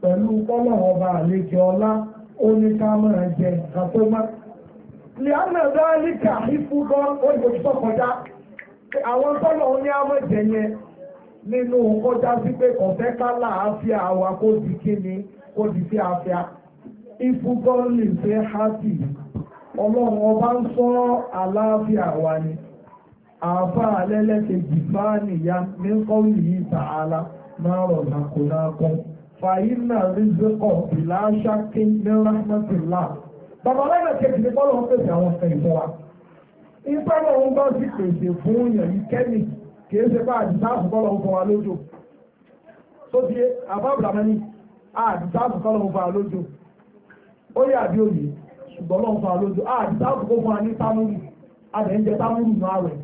pẹ̀lú ọlọ́run ọba àlejò ọlá ó ní ká máa jẹ nǹkan tó má. lẹ́yìn ọ̀dọ́ alíkà ìfú gan ó ní oṣù tó kọjá àwọn tọ́lọ̀ ní àmọ̀jẹ yẹn nínú kọjá sí pé kọ̀fẹ́ ká láàáfíà wa kó di kíni kó di sí àfíà ìfú lè fẹ́ hápì yìí. ọlọ́run ọba ń sọ àlàáfíà wa ni àbá alẹ́lẹ́kejì bá nìyá ní kọ́wì na máa rọ̀ nàkónákọ́ fàyínà rízẹ́kọ̀ ìlàṣákí ní rahmatullah bàbá alẹ́lẹ́kejì ní bọ́lọ̀ ń pèsè àwọn ọ̀sẹ̀ ìfọ́ wa ń pèsè fún yàn yìí kẹ́mì ṣe bọ́lọ̀ ń wa tó bọ́lọ̀ ń ṣùgbọ́n lọ́n fa lójú àdìsá àkókò fún wa ní támúrù àdẹ̀ ń jẹ támúrù náà rẹ̀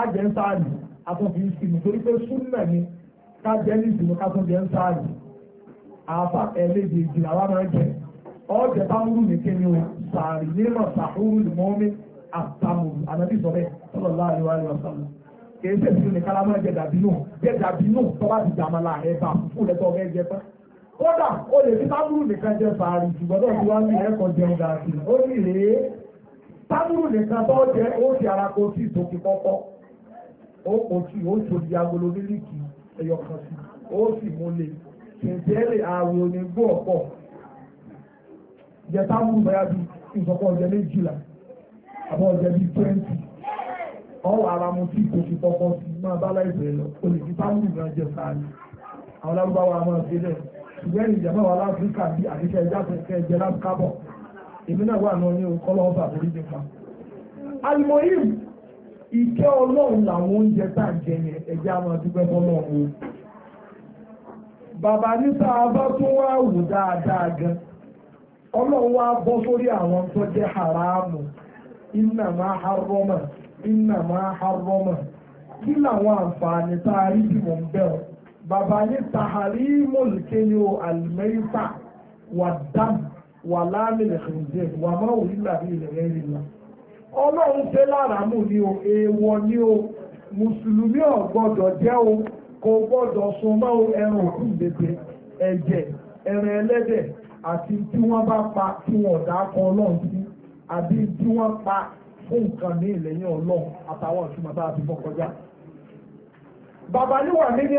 àjẹ́ ń sáàlì àtúnfi ìsinmi torí pé súnmọ̀ ni ká jẹ́ ní ìsinmi ká tún jẹ́ ń sáàlì àfà ẹlẹ́dẹ̀ ìjìlá wa máa ń jẹ ọ̀jẹ̀ támúrù ní kíni o sàárì nínú sàkúrú lùmọ́mí àtàmùrù ànábì sọ bẹ́ẹ̀ sallallahu alaihi wa sallam kì í ṣèṣin ní kálámọ́ jẹ dàbí nù jẹ dàbí nù tọ́ bá ti jàmọ́ la ẹ̀ bá fúlẹ̀ tọ́ bẹ́ẹ̀ jẹ tán kódà o lè fi tábúrù nìkan jẹ fàárì ṣùgbọ́n náà ti wá ní ẹ̀kọ́ jẹun dàtí ó ní rèé tábúrù nìkan tó jẹ ó ti ara kó sí ìtòkè kọ́kọ́ ó kò sí ó sòdì agolo mílíkì ẹyọ sí ó sì múlẹ̀ kẹ̀kẹ́lẹ̀ ààrùn onígbó ọ̀pọ̀ jẹ tábúrù bẹ́yà bí ìsọ̀kọ̀ ọ̀jẹ̀ méjìlá àbọ̀ ọ̀jẹ̀ bí twenty ọwọ́ ara mu tí ìtòkè kọ́kọ́ sí máa bá láìpẹ́ lọ o lè fi tábúrù náà jẹ fàárì àwọn lárúbáwá máa fi lẹ́yìn. ìgbẹ́ ìjọba wà láfíríkà bí àdíṣẹ́ ẹja tó kẹ ẹjẹ èmi náà wà náà ní kọ́lọ́ ọ̀fà lórí mi fa. alimoyim ìkẹ́ ọlọ́run làwọn oúnjẹ tá à ń jẹ yẹn máa dúpẹ́ bàbá níta abá wá wò dáadáa gan ọlọ́run wá bọ́ sórí àwọn tó jẹ́ haramu iná máa iná a bàbá ní tahari mọ̀lùkẹ́ni o àlùmẹ́ríkà wà dam wà láàmìlẹ̀ kìrìjẹ́ wà má òrí làbí ilẹ̀ rẹ̀ rí la ọlọ́run ṣe láàrámù ni o èèwọ̀ ni o mùsùlùmí ò gbọ́dọ̀ jẹ o kò gbọ́dọ̀ sun mọ́ ẹran òkú bèbè ẹ̀jẹ̀ ẹran ẹlẹ́dẹ̀ àti tí wọ́n bá pa tí wọ́n dá kan ọlọ́run sí àbí tí wọ́n pa fún nǹkan ní ìlẹ́yìn ọlọ́run àtàwọn ìtumọ̀ tá a ti bọ́ kọjá. bàbá níwà nínú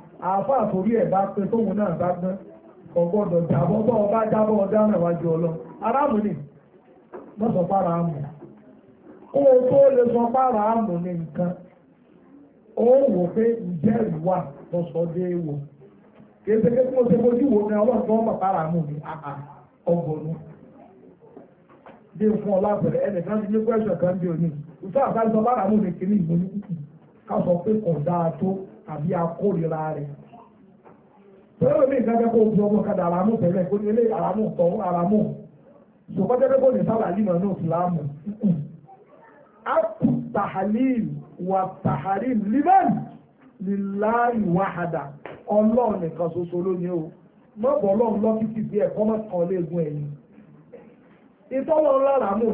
àáfà àtòrí ẹ̀ bá pé tóun náà bá gbọ́n kò gbọ́dọ̀ jábọ́ bọ́ ọba jábọ́ ọ̀daràn wájú ọlọ́ aráàmù ni wọ́n sọ pára àmù kó o tó lè sọ pára àmù ní nǹkan ó wò pé ìjẹ́ ìwà lọ́sọ̀ dé wò kéde pé kí mo ṣe fojú wo ni ọlọ́run tó ń bà pára àmù mi ọgbọ̀nù dé fún ọlá pẹ̀lẹ́ ẹnìkan ti ní kwẹ́sọ̀ kan bí òní ìfẹ́ àbájọ pára àmù mi kiri ìmọ̀ ní kàṣọ pé kò àbí akórira rẹ̀ tọ́lọ́ mi nǹkan jẹ́ kó o fi ọmọ kadà àràmù tẹ́lẹ̀ kó ní ilé àràmù tọ́ àràmù ṣùgbọ́n jẹ́ pé kó ní sábà yìí nínú ìsìlámù apu tahalil wa taharim liman lillahi wahada ọlọ́run nìkan ṣoṣo lónìí o mọ́bọ̀ ọlọ́run lọ́kìtì bí ẹ̀kọ́ mọ́ kan léegun ẹ̀yìn ìtọ́wọ́ láràmù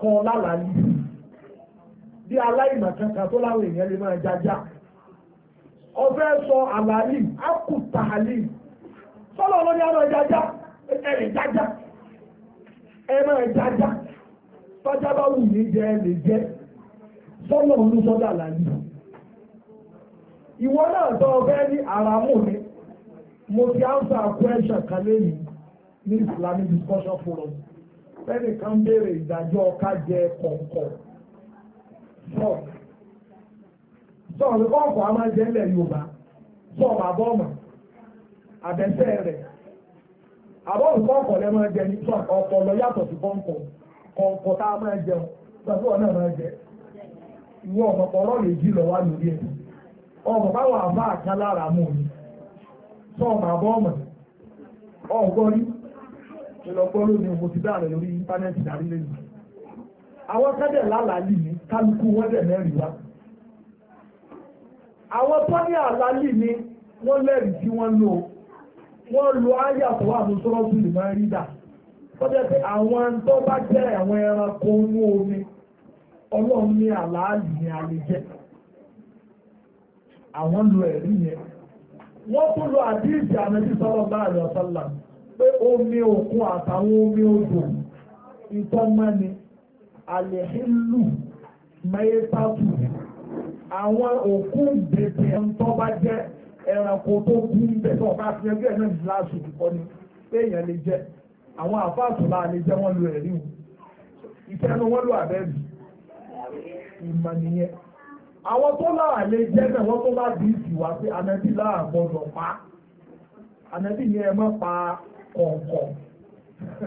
kan lálàá yìí bí aláìmọ̀ kankan tó láwọn èèyàn lè máa jájá ọ̀fẹ́ sọ àlàyé akùtàlì sọ́lọ̀ lórí àwọn ìjájá ẹ̀rẹ̀ jájá ẹ̀rọ ìjájá wù ní jẹ́ lè jẹ́ sọ́lọ̀ ló sọ́dọ̀ àlàyé ìwọ náà tọ́ ní ni mo si áńsà question kan lẹ́yìn ní Islamic discussion forum ìdájọ́ sọ̀rọ̀ ní kọ́ọ̀kọ́ a máa ń jẹ́ ilẹ̀ Yorùbá sọ̀rọ̀ àbọ̀mọ̀ àbẹ̀sẹ̀ rẹ̀ àbọ̀mọ̀ kọ́ọ̀kọ́ lẹ́ máa jẹ ní ọ̀pọ̀ lọ yàtọ̀ sí kọ́ọ̀kọ́ tá a ọ̀pọ̀pọ̀ ọ̀rọ̀ lè jí lọ wá lórí ẹ̀ ọmọ báwọn lára mú mi àwọn tó ní àlálì ni wọ́n lẹ́rìí tí wọ́n wọ́n lo áyà tó wà ní sọ́rọ́sù lè máa rí dà wọ́n pé àwọn omi ọlọ́run ní àlálì ni a lè jẹ́ àwọn lo ẹ̀rí yẹn wọ́n tún lo àdíìsì àmẹ́sí sọ́rọ̀ bá àrẹ omi òkun àtàwọn omi odò ìtọ́mọ́ni àwọn òkú bèbè ẹran tó bá jẹ́ ẹranko tó kú ń bẹ tó ọ̀ká fi ẹgbẹ́ náà ní láàṣù kọ́ ni pé èèyàn lè jẹ àwọn àfáàtò náà lè jẹ́ wọ́n lu ẹ̀rí wù ìfẹ́nu wọ́n lu àbẹ́bì ìmọ̀ nìyẹn àwọn tó láà lè jẹ́ náà wọ́n tó bá bí ìsìwà pé ànábì láà gbọ́dọ̀ pa ànábì ni ẹ mọ́ pa kọ̀ọ̀kọ̀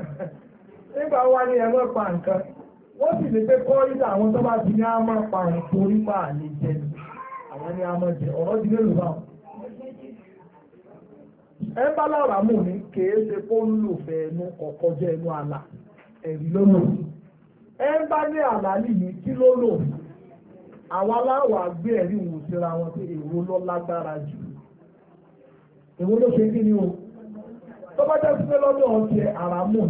nígbà wá ní ẹ mọ́ pa nǹkan wọ́n sì ní pé àwọn tó bá ti ní àmọ́ parun torí pa ni àwọn ní àmọ́ jẹ ọ̀rọ̀ di mélòó báwọn. ẹ bá lára mú ní kèé ṣe kó ń lò fẹ́ ẹnu kọ̀ọ̀kọ́ jẹ́ ẹnu àlà ẹ̀rí lọ́nà ẹ bá ní àlà nìyí kí ló lò àwọn aláwọ̀ o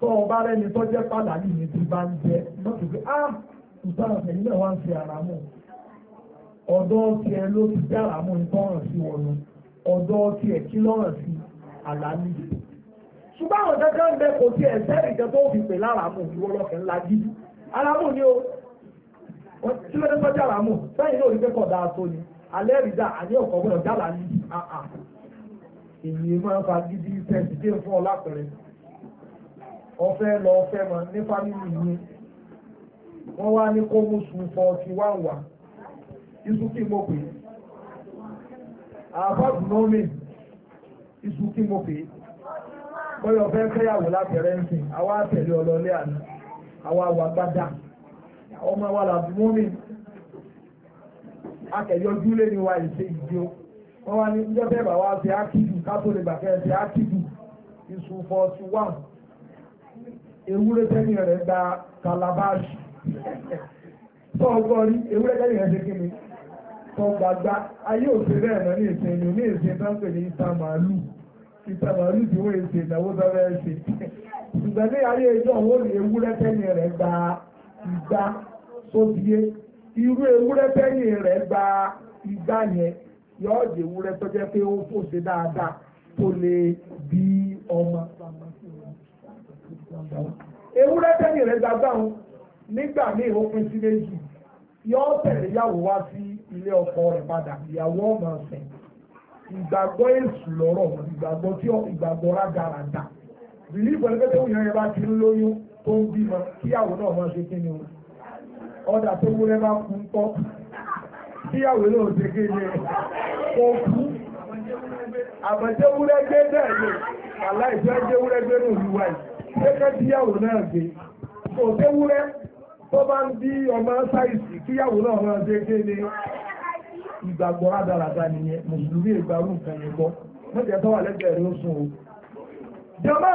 tó o bá rẹ́ni tó jẹ́ pàdánù ní ti bá ń jẹ́ mọ́tò pé á ìtọ́nà tẹ̀lé náà wá ń fi ara mú ọ̀dọ́ tiẹ̀ ló ti dára mú ìtọ́ràn sí wọnú ọ̀dọ́ tiẹ̀ kí lọ́ràn sí àlàní. ṣùgbọ́n àwọn kankan ń bẹ kò tí ẹ̀ sẹ́rì kan tó fi pè lára mú ìwọ lọ́kàn ńlá gidi aramu ni o tí ló dé sọ́jà aramu sẹ́yìn náà rí pé kọ̀ dáa tó ni alẹ́ rí dáa àní ọ̀kọ̀ gbọ́dọ̀ jálà ní àà èyí máa ń fa gidi tẹ̀sí dé fún ọ lápẹ̀rẹ̀ ọ̀fẹ́ lọ ọ̀fẹ́ mọ̀ ní fámìlì yìí wọ́n wá ní kó mùsùn fọ́ọ̀tì wá wà iṣu kí mo pè àbábù náà mi iṣu kí mo pè bọ́yọ̀ ọ̀fẹ́ fẹ́yàwó lábẹ̀rẹ̀ ń sìn àwa tẹ̀lé ọlọ́lé àná àwa wà gbádà ọmọ wa làbù mọ́ mi akẹ̀yọ dúlé ni wa ìṣe ìdí o wọ́n wá ní ìjọba ẹ̀bà wa ṣe ákìdù ká kẹ́ ṣe ákìdù iṣu fọ́ọ̀tì wá wà ewúrẹ́ tẹ́mi rẹ̀ da kalabashi tó ọgbọ́n rí ewúrẹ́ tẹ́mi rẹ̀ ṣe kí ni tó gbàgbá ayé òṣè bẹ́ẹ̀ lọ ní ìsìn ìlú ní ìsìn tó ń pè ní ìta màálù ìta màálù tí wọ́n èsì ìnáwó sọ́rọ́ ẹ̀ ṣe ṣùgbọ́n ní ayé ìjọ òun ní ewúrẹ́ tẹ́mi rẹ̀ gba ìgbà sóbíyé irú ewúrẹ́ tẹ́mi rẹ̀ gba ìgbà yẹn yọ́ọ̀dì ewúrẹ́ tó pé ó fòṣe dáadáa tó lè bí ọmọ ewúrẹ́ tẹ́lẹ̀ rẹ̀ gbàgbáhùn nígbà míì ó pín sí méjì yóò tẹ̀lé ìyàwó wá sí ilé ọkọ rẹ̀ padà ìyàwó ọmọ ọ̀sẹ̀ ìgbàgbọ́ èṣù lọ́rọ̀ ìgbàgbọ́ tí ìgbàgbọ́ rádaràda bìlí ìpọ̀lẹ́pẹ́ tó yàn yẹn bá ti ń lóyún tó ń bímọ kíyàwó náà máa ṣe kí ni o ọ̀dà tó wúrẹ́ bá kú ń tọ́ kíyàwó náà ṣe kí ni o kú àbẹ̀jẹ̀wúrẹ́ gbé bẹ́ẹ̀ ni àláìsí ẹ̀jẹ̀wúrẹ́ gbé ní òlúwa yìí gẹ́gẹ́ bí yàwó náà gbé kò séwúrẹ́ tó bá ń bí ọmọ sáìsì kí yàwó náà máa ṣe ké ní ìgbàgbọ́ rádaràda nìyẹn mùsùlùmí ìgbàrú nǹkan yẹn gbọ́ mọ́jẹ́ tó wà lẹ́gbẹ̀ẹ́ rẹ̀ ó sùn o. jọba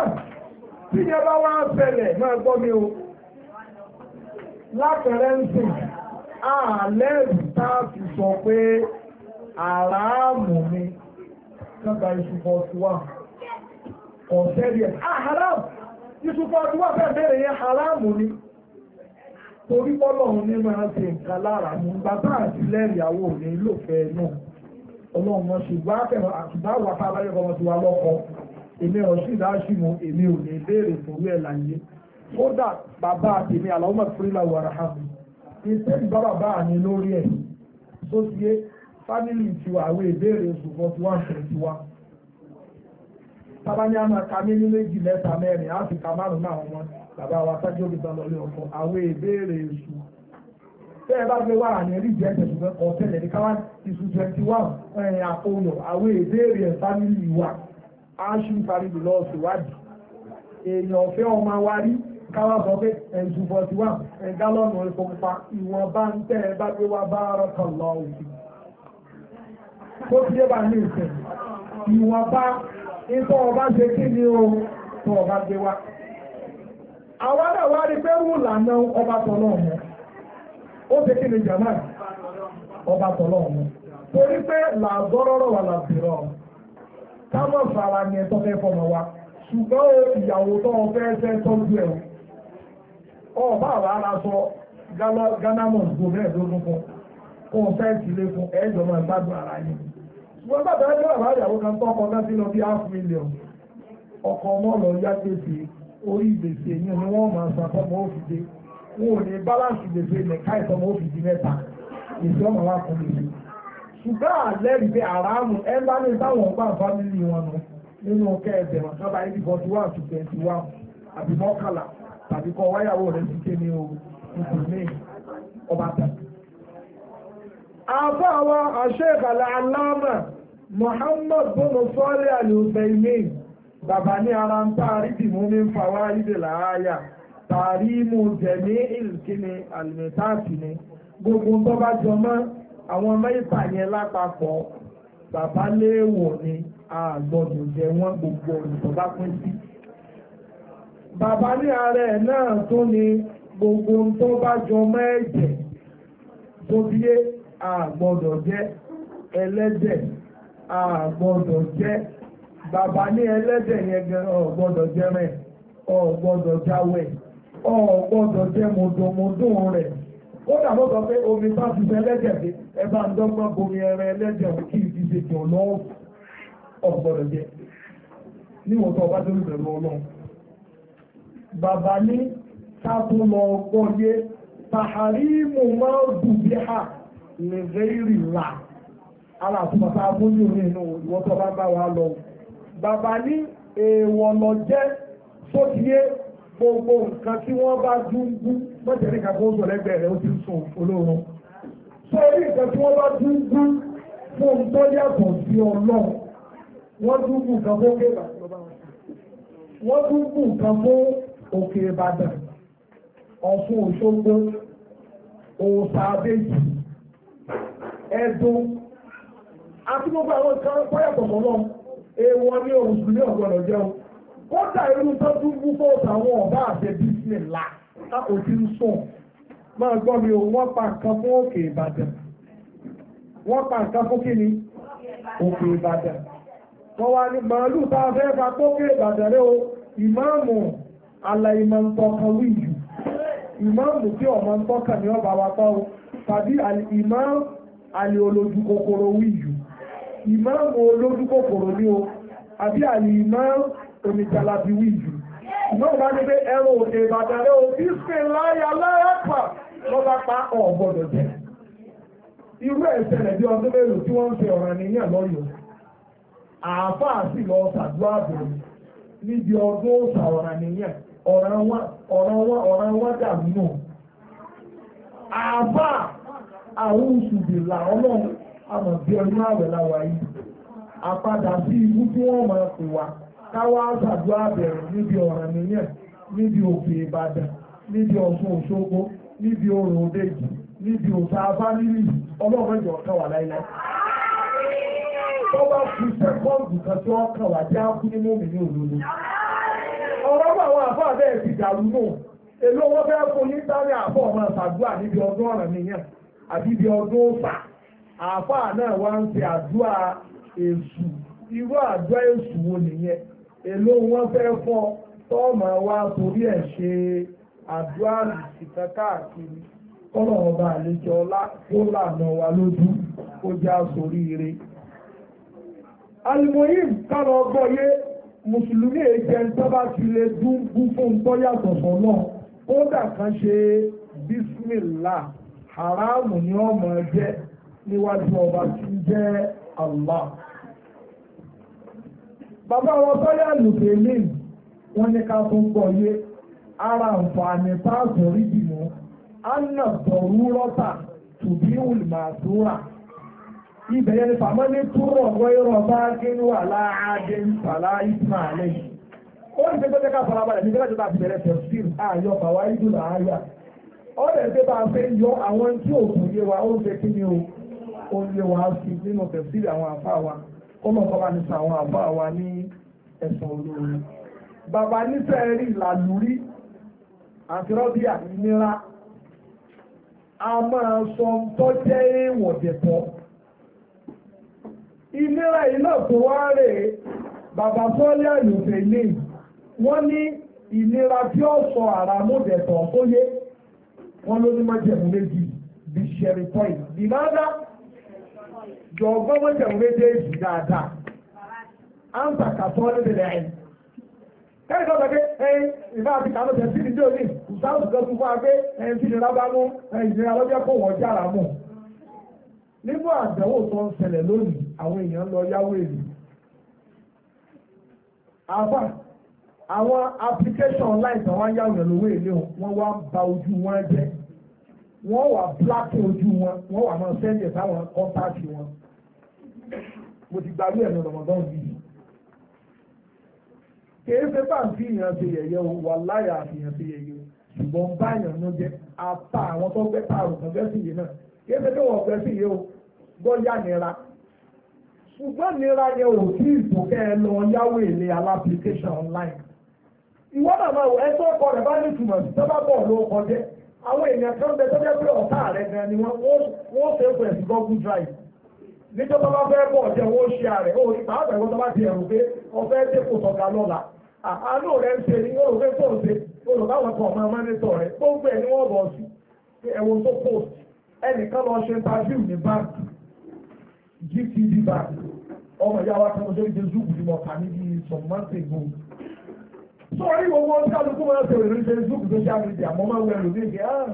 tí yẹn bá wá fẹlẹ̀ máa gbọ́ mi o lápẹ̀rẹ̀ ń sìn àlẹ́ ìta fi sọ pé àràámù mi kábàá ìṣùkọ̀ tiwa ọ̀sẹ̀ rẹ̀ àhàràmù. Yusufu Adúwà bẹ́ẹ̀ bẹ́ẹ̀ yẹn haramu ni. Torí bọ́lọ́run ní máa ṣe nǹkan lára mú. Bàbá àti lẹ́rìíyàwó ní lòfẹ́ náà. Ọlọ́run wọn ṣùgbọ́n akẹ́rọ àtúbá wà fún abájọ́ ọmọ tiwa lọ́kọ. Èmi ò sì dáṣì mú èmi ò ní béèrè ìfòwé ẹ̀ láyé. Kódà bàbá àtèmi àlàó mọ̀ fúrílà wàrà hàn. Ìṣe ìgbà bàbá mi lórí ẹ̀. Sọ́síé fámìlì tiwa àwọn ìbéèrè oṣù 41 21 bàbá ní àmà ká méjì méjì mẹ́ta mẹ́rin á sì ká márùn náà wọn bàbá wa sájú òbíta lọlé ọkọ àwọn ìbéèrè èṣù bẹ́ẹ̀ bá gbé wàrà ní rí jẹ́ tẹ̀sùn mẹ́kọ̀ tẹ́lẹ̀ ní káwá ìṣù twenty one ẹ̀yìn àkóyọ̀ àwọn ìbéèrè ẹ̀ fámìlì wa á ṣì ń parí lọ síwádìí èèyàn ọ̀fẹ́ ọmọ wa rí káwá sọ pé ẹ̀sùn forty one ẹ̀ gálọ́nù epo pupa ìwọ̀n bá ń tẹ́ ẹ bá gbé wá bá rọ́kọ̀ lọ òfin tó ti dé bá ní ìfẹ́ ìwọ̀n nke ọba ṣe kí ni o tó ọba gbé wá àwọn náà wá pé wù lànà ọba tọ́lọ́ ọ̀mọ́ ó ṣe kí ni jama ọba tọ́lọ́ ọ̀mọ́ torí pé làgọ́rọ́rọ́ wà làbìrọ̀ táwọn ni fẹ́ fọmọ ọ fẹ́ tọ́jú ẹ̀ ọba àwọn ghana mọ̀ wọ́n bá bẹ̀rẹ̀ bẹ́rẹ̀ wá ìyàwó kan tọ́kọ láti lọ bí half million ọkọ̀ ọmọ lọ yá gbèsè orí gbèsè yẹn ni wọ́n máa san fọ́mọ òfìdé wọn ò ní balance gbèsè nìka ìfọ́mọ òfìdé mẹ́ta èsì ọmọ wa kò lè ṣùgbọ́n àlẹ́ rí pé àràmù ẹ bá ní táwọn ọgbà fámìlì wọn nù nínú kẹ́ẹ̀bẹ̀ wọn sábà eighty forty one to twenty one àbí mọ́kànlá tàbí kọ́ wáyàwó rẹ̀ ti ké ní o ìgbìmí ọba tàbí àfáwà àṣẹ́kàlà aláàmà Muhammad bọ́nà sọ́lẹ̀ àlùfẹ́ìmín bàbá ní ara ń tààrí dìmú ní fàwà ìdèlà àyà tààrí mú jẹ̀mí ìlkíni àlùmẹ́tàkì ni gbogbo tó bá jọ mọ́ àwọn mẹ́ta yẹn lápapọ̀ bàbá léèwọ̀ ni a gbọ́dọ̀ jẹ wọ́n gbogbo olùtọ́ bá pín sí. bàbá ní ara ẹ̀ náà tó ni gbogbo tó bá jọ mọ́ ẹ̀jẹ̀ tó bíyé a gbọ́dọ̀ jẹ́ ẹlẹ́dẹ̀ a gbọ́dọ̀ jẹ́ bàbá ní ẹlẹ́dẹ̀ yẹn gan ò gbọ́dọ̀ jẹ́rẹ̀ ò gbọ́dọ̀ jáwẹ̀ ò gbọ́dọ̀ jẹ́ mọ̀dọ̀mọ̀dọ̀ rẹ̀ kódà ló sọ pé omi bá ti fẹ́ ẹlẹ́dẹ̀ dé ẹ bá ń dọ́gbọ́n bomi ẹran ẹlẹ́dẹ̀ kí ibi ṣe jọ lọ́wọ́ ò jẹ́ níwọ̀n tó ọba tó ń bẹ̀rù ọlọ́run bàbá ní ká tó lọ gbọ́yé tàhárí mò máa dùn bí ha lẹ́gẹ́rì là aláàtúmọ̀tá abójú mi inú ìwọ́n bá ń bá wa lọ. bàbá ní èèwọ̀ lọ jẹ́ sókìyé gbogbo nǹkan tí wọ́n bá dúngú mọ́jẹ̀rí kàkó ń sọ̀lẹ́gbẹ̀ẹ́ rẹ̀ ó ti sùn olóorun. sórí nǹkan tí wọ́n bá dúngú fún un tó yàtọ̀ sí ọlọ́run wọ́n dúngú nǹkan fún òkè ìbàdàn wọ́n dúngú nǹkan fún òkè ìbàdàn ọ̀fun òṣogbo òòṣà abéjì ẹ̀dùn àti gbogbo àwọn ìkan pọ́yàtọ̀ mọ́ náà èèwọ̀ ní ohun sùn ní ọ̀gbọ̀nà jẹun kódà irú tó tún kú fóòtù àwọn ọ̀bá àti bísí ńlá táwọn ti ń sùn máa gbọ́ mi o wọ́n pa nǹkan fún òkè Ìbàdàn wọ́n pa nǹkan fún kí ni òkè Ìbàdàn wọ́n wá ní màálù tá a fẹ́ fa kókè Ìbàdàn rẹ o ìmáàmù àlà ìmọ̀ ntọ́kan wíjù ìmáàmù tí ọ̀mọ̀ ntọ́kan ni ọba wa tọ́ o tàbí ìmọ̀ àlè olójú kòkòrò wíyù ìmọ̀ olójú kòkòrò ní o àbí àlè ìmọ̀ omijalabi wíyù ìmọ̀ bá ní pé ẹ̀rọ òde ìbàdàrẹ́ o bí ṣe láyà lẹ́ẹ̀pà lọ́ba pa ọ̀gbọ́dọ̀ jẹ irú ẹ̀ ṣẹlẹ̀ bí ọdún mélòó tí wọ́n ń fi ọ̀ràn nìyẹn lọ́yọ̀ọ́ àáfàá sì lọ ṣàdúrà bẹ̀rẹ̀ níbi ọdún òṣà ọ̀ràn nìyẹn ọ̀ràn wọn ọ̀ràn wọn ọ̀ràn wọn dàrú náà àáfàá àwọn ìṣùgbìlà ọlọ́run àmọ̀ bí ọdún àwẹ̀ láwa yìí àpadà sí ibú tí wọ́n máa pè wá káwá ṣàdúrà àbẹ̀rẹ̀ níbi ọ̀ràn nìyẹn níbi òkè ìbàdàn níbi ọ̀ṣun òṣogbo níbi orò òdèjì níbi òta abánilì ọlọ́run ìjọ ọ̀kan wà láíláí tó fi sẹ́kọ́ǹdù kan tí wọ́n kàn wá jẹ́ ákú òdodo ọ̀rọ̀ bá àwọn ti dàrú náà èlò fún àbí ibi ọdún ọ̀sà àáfàá náà wá ń ṣe àdúrà èṣù irú àdúrà èṣù wo nìyẹn èló wọn fẹ́ fọ́ tọ́ọ̀mù wa torí ẹ̀ ṣe àdúrà ìsìnká káàkiri kọ́nà ọba àlejò ọlá tó lànà wa lójú ó já sórí ire. alimoyim kára ọgbọ́yé mùsùlùmí èjẹ tó ti lè dún bú fún tọ́yàtọ̀ sọ́nà kódà kan ṣe bísímìlá haramu ni ọmọ máa níwájú ọba tí jẹ́ Allah bàbá wọn sọ́yà lùkèlè wọ́n ní ká tún gbọ́ yé ara àǹfààní táàtò rí dìmọ́ anna dọ̀rúrọ́tà tùbí olùmọ̀àdúrà ibẹ̀ yẹn fàmọ́ ní túrọ̀ bá ń ó ní pé pé ká ní Ọ ṣe bá a fẹ́ yọ àwọn tí òkú yé wa ó kí ni o ó yé wa sí nínú tẹ̀síìlì àwọn wa kọ́mọ̀ àwọn wa ní ẹ̀sán olóore. bàbá nífẹ̀ẹ́ rí làlúrí àti a máa sọ tó ìnira iná tó wá wọ́n ní ìnira tí ó sọ tó yé. wọ́n ló ní májẹ̀mú méjì bí ṣẹ̀rì pọ́ìn bí máadá jọ̀ọ́gbọ́n májẹ̀mú méjèèjì dáadáa á ń tàkàtọ́ nílẹ̀ ẹ̀ kẹ́rì kan sọ̀kẹ́ ẹ̀yìn ìbá àti kàánù tẹ̀ sí ìdí òní ìsáàbù kan tún fún wa pé ẹ̀yìn tí ìnira bá mú ẹ̀yìn ìnira lọ́jọ́ kó wọ́n jára mọ̀ nínú àdánwò tó ń ṣẹlẹ̀ lónìí àwọn èèyàn lọ yáwó èrè àbá àwọn application online tí wọ́n yàwó lówó èlé wọn wá ba ojú wọn jẹ́ wọ́n wà black ojú wọn wọ́n wà máa sẹ́ndì ẹ̀ sáwọn kọ́ńtáàtì wọn mo ti gbàgbé ẹ̀ lọ́dọ̀ mọ́tò yìí kìí ṣe bá ń fi ìyàn ṣe yẹ̀yẹ́ o wà láyà àfihàn ṣe yẹ̀yẹ́ o ṣùgbọ́n báyàn ló jẹ́ apá àwọn tó gbé pààrọ̀ kan fẹ́ sí iye náà kìí ṣe pé wọ́n fẹ́ sí iye o gbọ́yà nira ṣùgbọ́n nira yẹn ò tí ì tó kẹ́ ẹ lọ yáwó online ìwọ́n náà máa wọ ẹtọ́ ọkọ rẹ̀ bá ní ìtumọ̀ sí sábà bọ̀ ló kọjẹ́ àwọn èèyàn kan bẹ tọ́jọ́ pé ọ̀tá rẹ̀ gan ni wọ́n wọ́n ṣe é pẹ̀lú Google Drive níjọba bá fẹ́ bọ̀ jẹ́ wọ́n ṣe ààrẹ ó ní pàápàá ìwọ́n tó bá ti ẹ̀rù pé ọ̀fẹ́ dépò sọ̀gá lọ́la àánú rẹ̀ ń ṣe ní ó rò pé tó ń ṣe ó rò báwọn kan ọmọ mẹ́nítọ̀ rẹ̀ gbogbo ẹ̀ ni wọ́n bọ̀ sí ẹ̀wọ̀n tó post ẹnìkan lọ ṣe interview ní báńkì GTB báńkì ọmọ ìyá wa kan lọ sórí jésù kùdìmọ̀ kà níbi some months ago tó rí owó kálukú wọn ṣe òrìrì facebook social media mọ́ máa ń wẹ̀rù ní ìgbé hàn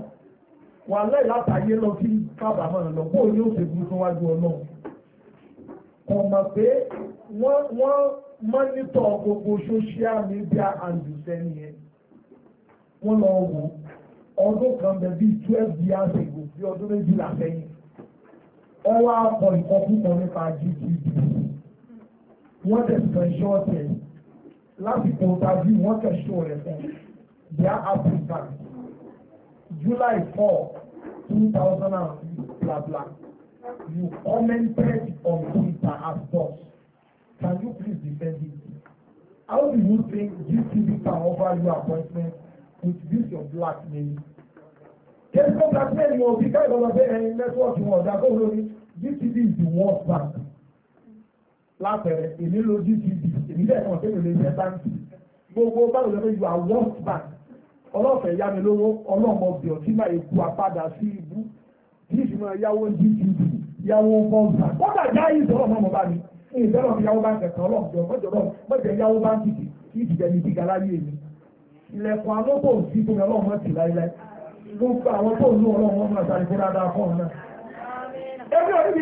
wà láì látàyé lọ sí kábàámọ̀ lọ bó ní ó ṣe burú síwájú ọlọ́run kò mọ̀ pé wọ́n wọ́n mọ́nítọ̀ gbogbo social media and ìsẹ́ni yẹn wọ́n lọ wò ọdún kan bẹ̀ bíi twelve years ago bí ọdún méjìlá sẹ́yìn wọ́n wá kọ ìkọkúkọ nípa gtb wọ́n tẹ̀sán ṣọ́ọ̀tẹ̀ lásìkò tàbí wọ́n kẹ̀ṣọ́ rẹ̀ fún their applicant July four two thousand and bla bla you commented on Twitter as boss. can you please defend it how do you think GTV can offer you appointment with this your black name kẹ́sìkọ́ blackmail ni òbí káyọ̀ lọ́dọ̀ pé ẹ̀yin nẹ́tíwọ́ọ̀kì wọn ọ̀dà kó lórí GTV is the worst bank lápẹẹrẹ èmi ló gtb èmi lẹ́ẹ̀kan tẹ́lẹ̀ lè fẹ́ báńkì gbogbo báwo lọ́wọ́ yóò àwọ̀t bank ọlọ́fẹ̀ yá mi lówó ọlọ́mọ bìọ̀ tí máa èkó apádà sí ibú bí ìfìmọ̀ yáwó gtb yáwó bọ́ǹsà kọ́dà já yìí sọ̀rọ̀ mọ́ bá mi ìfẹ́ràn fi yáwó báńkì ẹ̀kan ọlọ́mọdé ọmọdé mọ́jẹ yáwó báńkì kì í dìjẹ́ mi gíga láyé mi ilẹ̀kùn alóbò sí fún mi ọlọ́mọ ti láíláí gbogbo àwọn tó ń lò ọlọ́mọ ọmọ àtàlẹ́ fún dáadáa fún ọ náà. ẹbí òní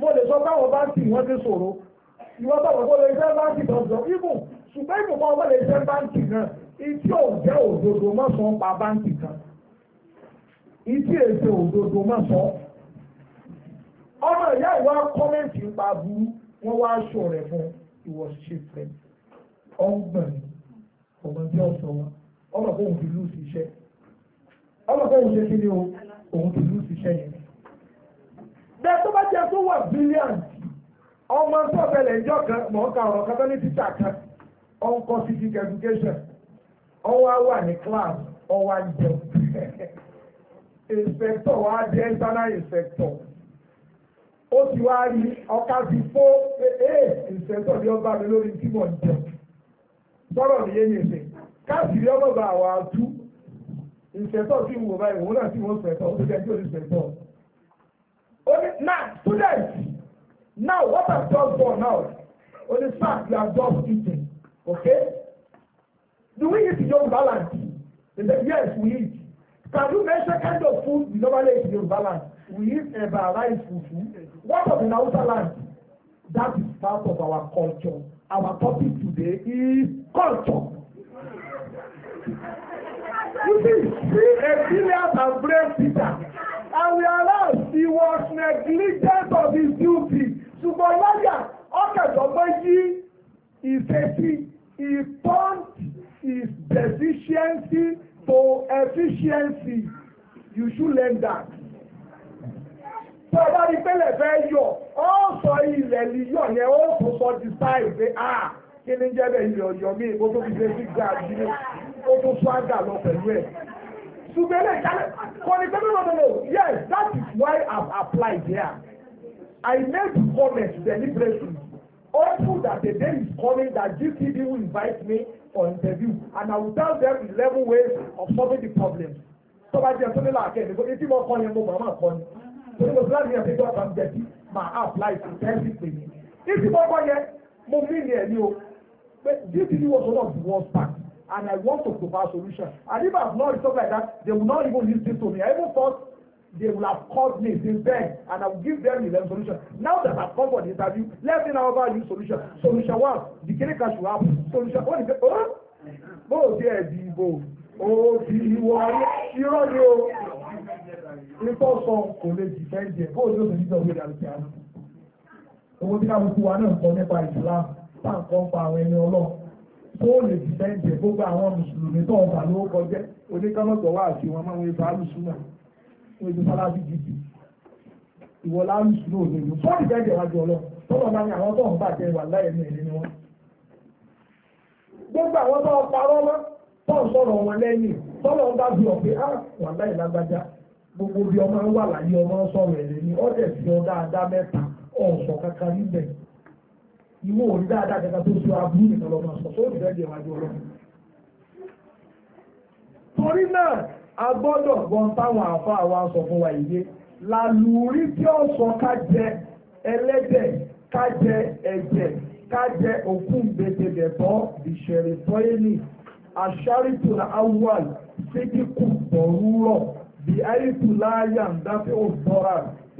mo lè sọ báwọn báńkì wọ́n ti sọ̀rọ̀ ìwọ báwọn bó lè iṣẹ́ báńkì tọ̀tọ̀ ibùn ṣùgbọ́n ìbùkún ọmọ lè iṣẹ́ báńkì náà ìtí ò jẹ́ òdodo má sọ ń pa báńkì kan ìtí èsè òdodo má sọ ọmọ ìyá ìwà kọ́mẹ́ǹtì ń pa bú wọ́n wá aṣọ rẹ̀ fún ìwọ̀síṣẹ́ fẹ́ ọ̀ngbọ̀n ni ọmọ tí ó sọ wọn ọmọ kóhun ti lù sí iṣẹ́ ọmọ kóhun ṣe kí ni o òun ti lù sí iṣẹ́ yẹn bẹ́ẹ̀ tó bá jẹ́ tó wà bílíọ̀n ọmọ tó bẹ̀lẹ̀ ìjọ kan mọ̀ ká ọ̀rọ̀ kan tó ní títà kan ọ̀nkọ́ civic education ọwọ́ wà ní class ọwọ́ jẹun inspector wa jẹ́ internal inspector ó ti wá rí ọkà sí fó ee inspector ni ó bá mi lórí tí mò ń jẹun sọ̀rọ̀ nìyẹn ní ìsìn káàkiri ọmọ bá wà tú inspector sì ń wò báyìí òun náà sì wọ́n inspector ó ti jẹ́ kí ó inspector. Only now, students, now what has just gone now? Only fact you have just eaten. Okay? Do we eat Yoruba land? They said, yes, we eat. Can you mention kind of food we normally eat in balance? We eat a balanced food. What of in Hausa land? That is part of our culture. Our topic today is culture. you see, see a brilliant and brave Peter and we realize he was negligent of his duty ṣùgbọ́n lọ́yà ọ̀kẹ́dọ̀gbọ́n yí ìfẹ́sí he turned his deficiency to efficiency you should learn that. Tó bá rí pẹ́lẹ̀ fẹ́ yọ, ó sọ ilẹ̀ líyọ̀ yẹn, ó tó sọ di sáì pé à ah, kí ni jẹ́ bẹ́ẹ̀ ilẹ̀ ọ̀yọ́ mi, ó tó fi ṣe sí gbàgbé, ó tó sọ àgà lọ pẹ̀lú ẹ̀ be like, ṣùgbọ́n ilé ìkálẹ̀ kọ́nìkẹ́mí lọ́dọ̀lọ́ yes that is why I've applied here I made the comment deliberately Also, that the day is coming that GTD will invite me for interview and I will tell them eleven ways of solving the problem So by the tó nílò àkẹ́ ìdìbò etí mo kọ́ yẹn mo màmá kọ́ ni torí mo sílẹ̀ yẹn pẹ̀lú ọ̀kan jẹ̀bi mà á apply to every thing etí mo to yẹn mo mí ni ẹ̀ ní o GTD was one of the worst parts and I want to provide solution. And if I've not resolved like that, they will not even listen to me. I even thought they will have called me, they beg, and I will give them the solution. Now that I've come for the interview, let me know about you solution. Solution one, the clinical will have solution. What is it? Oh, oh dear, Debo. Oh, Debo. You know, you. Nítọ́ sọ kò lè jìfẹ́ jẹ, bó o ní oṣù nígbà owó ìdàrú Owó tí káwọn kú wa náà ń kọ nípa ìsìlámù, tá à ń kọ́ ń pa àwọn ẹni ọlọ́run. tó lè dìbẹ́ǹdì gbogbo àwọn mùsùlùmí tó ń bà ló kọjẹ́ oníkámọ́tọ̀ wá àti wọn máa ń wé fàálùsùnà wọ́n ti fara bí gidi ìwọ lálùsùnà òdòdó tó dìbẹ́ǹdì wájú ọlọ tó lọ ní àwọn tó ń gbogbo àwọn tó ń parọ́ mọ́ tó ń sọ̀rọ̀ wọn lẹ́yìn bá ah, gbogbo bí ọmọ wà láyé ọmọ sọ̀rọ̀ ni fi ọ dáadáa mẹ́ta kankan níbẹ̀ ìwọ òní dáadáa kẹta tó sọ abúlé nìkan lọ́mọ sọ tó dìbẹ́ di ìwájú ọlọ́run. torí náà a gbọ́dọ̀ gbọ́n táwọn àáfàá wa sọ fún wa yìí làlùrí tí ó sọ ká jẹ ẹlẹ́dẹ̀ ká jẹ ẹ̀jẹ̀ ká jẹ òkú gbẹdẹgbẹ̀bọ́ ìṣẹ̀rẹ̀ tọ́yẹ́nì àṣàrìtò awal sídìkù bọ̀rúrọ̀ bí àìtù láàyà ń dáfẹ́ òbọ̀ra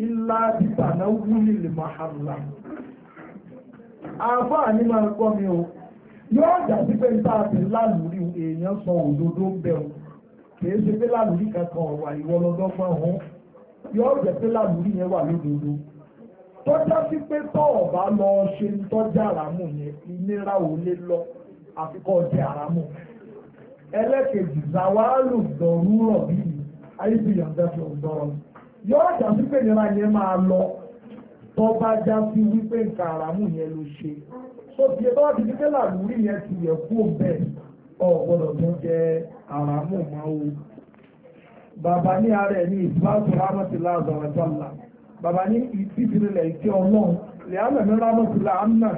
ńlá bíbà náà wúlì lè máa hàn láàmú. àfáà anyị máa gbọ́ mi o yóò jà sí pé nípa àti lálùrí èèyàn sọ òdodo ń kìí ṣe pé lálùrí kankan ọ̀wà ìwọ lọ́dọ́gbọ́n ọ̀hún yóò jẹ́ pé lálùrí yẹn wà lódodo tọ́já sí pé ọba lọ ṣe ń tọ́jà àràmù yẹn ìnira ò lè lọ àfikọ́ ọjà àràmù dọ̀rú rọ̀ bíi ayébíyàn dẹ́fẹ̀ ọ̀dọ́rọ̀ yóò sí pé ìnira lọ tó bá já sí wípé nǹkan àràmù yẹn ló ṣe tó fi ẹ bá wà bíi pé làlúrí yẹn ti yẹ kú bẹ́ẹ̀ ọ̀gbọ́dọ̀ tó jẹ àràmù máa wo bàbá ní ara ní ìfúláṣọ rámọ́tìlá àzọ̀rọ̀sọ́lá bàbá ní ìtìsílẹ̀ ìtì ọlọ́run lẹ́yìn rámọ́tìlá amna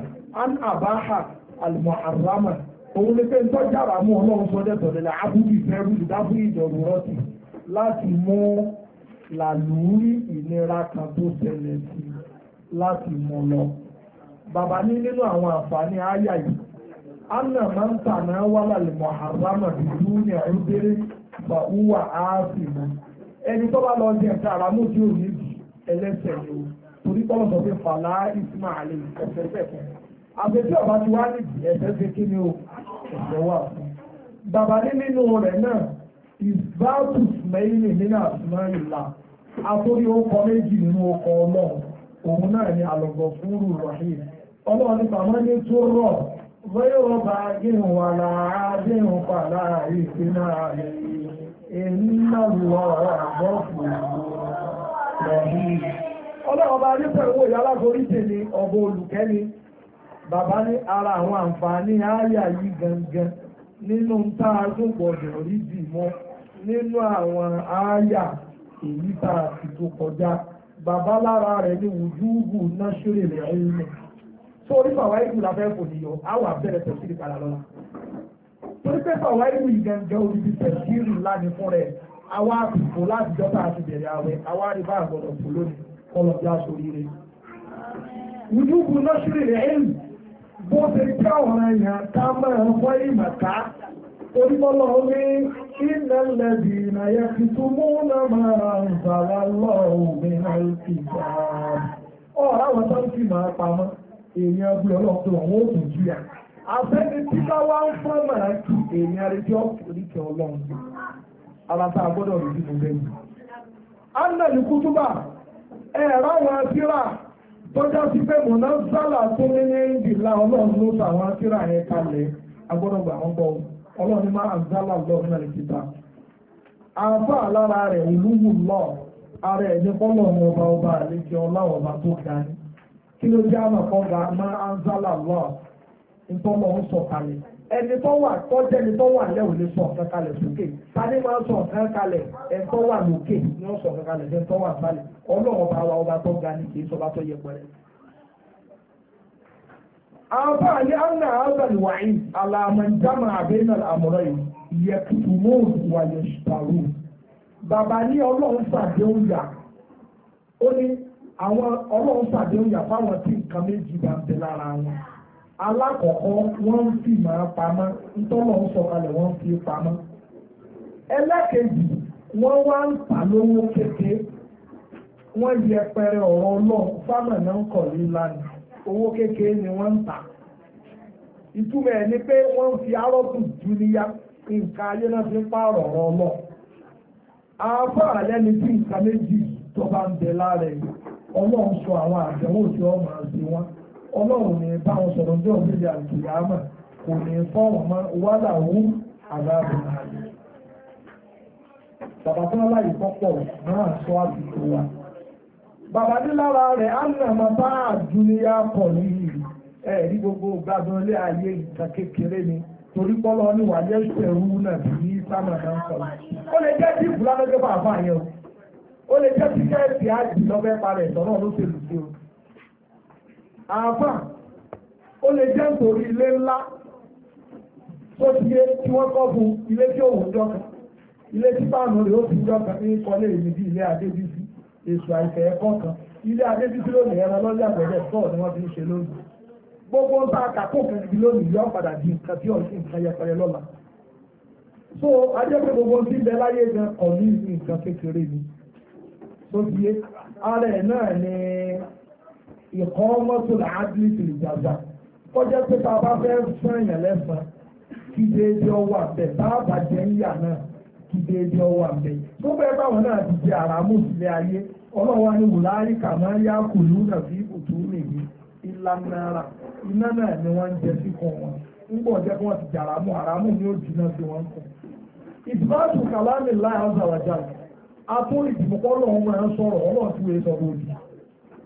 an abaha almuharrama òun ní pé ń tọ́jú àràmù ọlọ́run sọ́jọ́ tọ̀lẹ́lẹ̀ abúlé ìfẹ́rù ìdábù ìjọ̀rùrọ́tì láti mú làlúrí ìnira kan tó ṣẹlẹ̀ sí i láti mú lọ bàbá ní nínú àwọn àǹfààní àyà yìí anna máa ń tà náà wà lálẹ́ mọ̀hàrámà ìlú ní àrùbẹ́rẹ́ bà wúwà áàfin mọ́ ẹni tó bá lọ jẹ ẹ̀ka àràmú tí ò ní bì ẹlẹ́sẹ̀ ni o torí tọ́lọ̀ sọ pé fàlà ìsìnmá àlè ẹ̀fẹ́ fẹ̀fẹ́ àbẹ̀tí ọ̀bá ti wá níbi ẹ̀fẹ́ fẹ́ kí ni o ẹ̀fẹ́ wà fún bàbá ní nínú rẹ̀ náà ìbáàtù nínú àtúmọ̀ ìlà àtòrí ó kọ méjì nínú ọkọ̀ ọlọ́run òun náà ni àlọ́gbọ̀ fúrú rahim ọlọ́run nípa mọ́ ní tó rọ̀ bẹ́yọ̀ bá gíhùn wà láàájíhùn pàdà ìpínà rẹ̀ náà lọ àgbọ̀ fúrú rahim ọlọ́run bá ní pẹ̀lú tá rí nínú àwọn ááyà èyí bàbá lára rẹ̀ ní wùdúùgù náṣúrì rẹ̀ ẹ̀yìnmọ̀ tó orí la làbẹ́ kò níyọ àwọn abẹ́rẹ́ tẹ̀sílì padà lọ́la torí pé fàwáìlú ìgànjẹ́ olùdí tẹ̀sílì ńlá ni fún rẹ̀ àwa àtìkò láti jọ́ta àti bẹ̀rẹ̀ àwẹ̀ àwa àríbá àgbọ̀dọ̀ kò lónìí kọlọ̀ bí aṣọ Orípọ́lọ́wọ́ ní ìlẹ́lẹ́bì ìrìnàyẹ́ fi tún mú náà máa ń sàrà lọ́wọ́ òmìnà ìpìtà. Ọ̀rá wọ́n tán sì máa pamọ́, èèyàn ọgbẹ́ ọlọ́pẹ́ wọn ó tún jíyà. Àfẹ́ni tí bá wá ń fọ́ màá kí èèyàn àrẹ́jọ́ oríkẹ́ ọlọ́run. Alátà gbọ́dọ̀ rí ọlọ́run máa àgbálà lọ́rùn náà ti àbá lára rẹ̀ ìlúwù lọ ara ẹ̀ ní kọ́lọ̀ ọmọ ọba ọba àlejò ọláwọ̀ ọba tó ga ni kí ló jẹ́ àmọ̀ kan ga máa àgbálà lọ ìtọ́lọ̀ ń sọ kalẹ̀ ẹni tó wà sọ ọ̀kan kalẹ̀ sọ ọ̀kan kalẹ̀ ẹni tó wà lókè ni sọ ọ̀kan kalẹ̀ ẹni tó wà sálẹ̀ ọlọ́run ọba ọba tó ga ni kì afa ni anna hadha alwa'i ala man jama'a bayna al-amrayn yaktumun wa yashtarun bàbá ní ọlọ́run ṣàdéhùn yà ó ní àwọn ọlọ́run ṣàdéhùn yà fáwọn tí nǹkan méjì bá ń bẹ lára wọn alákọ̀ọ́kọ́ wọ́n ń fi màá pamọ́ ntọ́lọ̀ ń sọ̀kalẹ̀ wọ́n ń fi pamọ́ ẹlẹ́kejì wọ́n wá ń pa lówó kéke wọ́n yẹpẹrẹ ọ̀rọ̀ ọlọ́run fámọ̀ náà ń kọ̀ lílánìí owó kékeré ni wọ́n ń tà ìtumẹ̀ ẹ̀ ni pé wọ́n ń fi arọ́pù dúníyà nǹkan ayé náà fi ń pààrọ̀ ọ̀rọ̀ lọ àáfà lẹ́ni tí nǹkan méjì tó ń bẹ lára ọlọ́run sọ àwọn àdánwò ọlọ́run ní bá wọn sọ̀rọ̀ ní ìyá kò ní bàbá nílára lára rẹ̀ ánàmọ́ bá àdúnyá pọ̀ ní ìlú ẹ̀rí gbogbo gbádùn ilé ayé ìta kékeré ni torí pọ́lọ́ ní wà náà bí ní sámà náà sọ ó lè jẹ́ tí lọ́jọ́ bá o lè jẹ́ tí kẹ́ẹ̀sì àjì lọ́fẹ́ parẹ̀ ló o lè jẹ́ nítorí ilé ńlá tó ti èso àìfẹ́ ẹ̀kọ́ kan ilé adébísí lónìí ẹran lọ́jà gbẹ̀dẹ̀ bọ́ọ̀ ni wọ́n fi ń ṣe lónìí gbogbo ń bá àkàkọ́ kan ibi lónìí yọ padà di nǹkan tí ọ̀sìn nǹkan yẹpẹrẹ lọ́la so ajẹ́pẹ́ gbogbo ti bẹ láyé gan kọ̀ ní nǹkan kékeré ni tó fi yé ara ẹ̀ náà ni ìkọ́ mọ́tò làádìí tìlì jàjà kọjá pé tá a bá fẹ́ sàn yàn lẹ́sàn kí déédéé ọwọ́ àbẹ̀ bá bàjẹ́ ń yà náà kí déédé ọwọ́ àbẹ̀ tó bẹ́ẹ̀ báwọn náà ti jẹ àràmù sílé ayé ọlọ́wọ́ ni wùlárí kàmá yá kùlú nàbí òtú nìyí ńlá náírà iná náà ni wọ́n jẹ nwa kan wọn ń bọ̀ ti jàràmù àràmù ni ó jìnnà sí wọn ojii.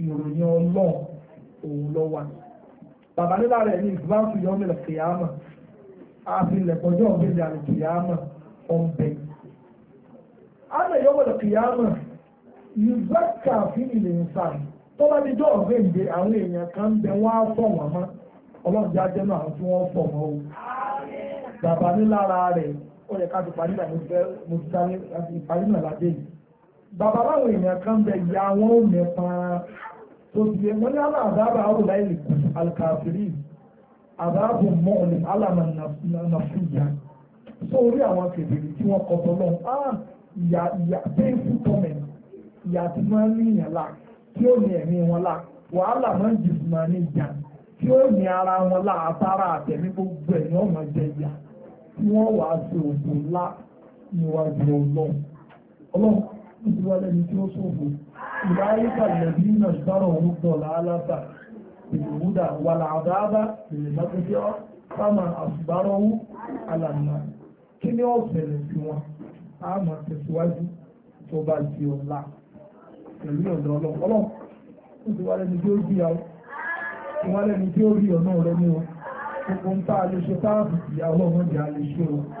ìròyìn ọlọ́run òun lọ wà bàbá nílá rẹ̀ ní ìgbàǹtù yọmílẹ̀ kìyàmà àfilẹ̀kọjọ́ ọ̀gbẹ́dẹ̀ àrùn kìyàmà ọ̀bẹ. àmì yọmílẹ̀ kìyàmà ìgbàkà fíìlì nǹkan tó bá dídọ́ ọ̀gbẹ́dẹ̀ àwọn èèyàn kan ń bẹ wọ́n á fọ̀ wọ́n mọ́ ọlọ́run já jẹ́ náà tí wọ́n fọ̀ mọ́ o. bàbá nílá rẹ̀ ó yẹ ká ti parí náà mo ti parí náà ládé yìí bàbá láwọn èèyàn kan bẹ̀ ya wọn ò mẹ́pa tó ti yẹ wọ́n ní àlà àdáàbà àrùn láì lè kù alkafiri àdáàbò mọ́ọ̀lì alàmà nàfíìyà tó orí àwọn kèbèrè tí wọ́n kọ́ tọ́lọ́ ah, ìyà ìyà painful torment ìyà tí wọ́n ní ìyàn la tí ó ní ẹ̀mí wọn la wàhálà máa ń jìbù máa ní ìjà tí ó ní ara wọn la àtàrà àtẹ̀mí gbogbo ẹ̀ ní ọ̀nà jẹ ìyà tí wọ́n wàá ṣe òògùn ńlá níwájú ọlọ́run ọlọ́run ìdíwọ́lẹ̀ ní tí ó sófò ìbáríkà lẹ̀bí iná ṣùgbọ́n òun dọ̀lá aláta ìlúwúdà wà láàdáàbá ìrìnlẹ́gbẹ́sí ọ́ sáàmà àṣùbárọ̀wú alàmà kí ni ó ṣẹlẹ̀ sí wọn a máa tẹ̀síwájú tó bá di ọ̀la pẹ̀lú ọ̀dọ̀ ọlọ́pọ̀lọ́ ìdíwọ́lẹ̀ ní tí ó rí ọ ìwọ́lẹ̀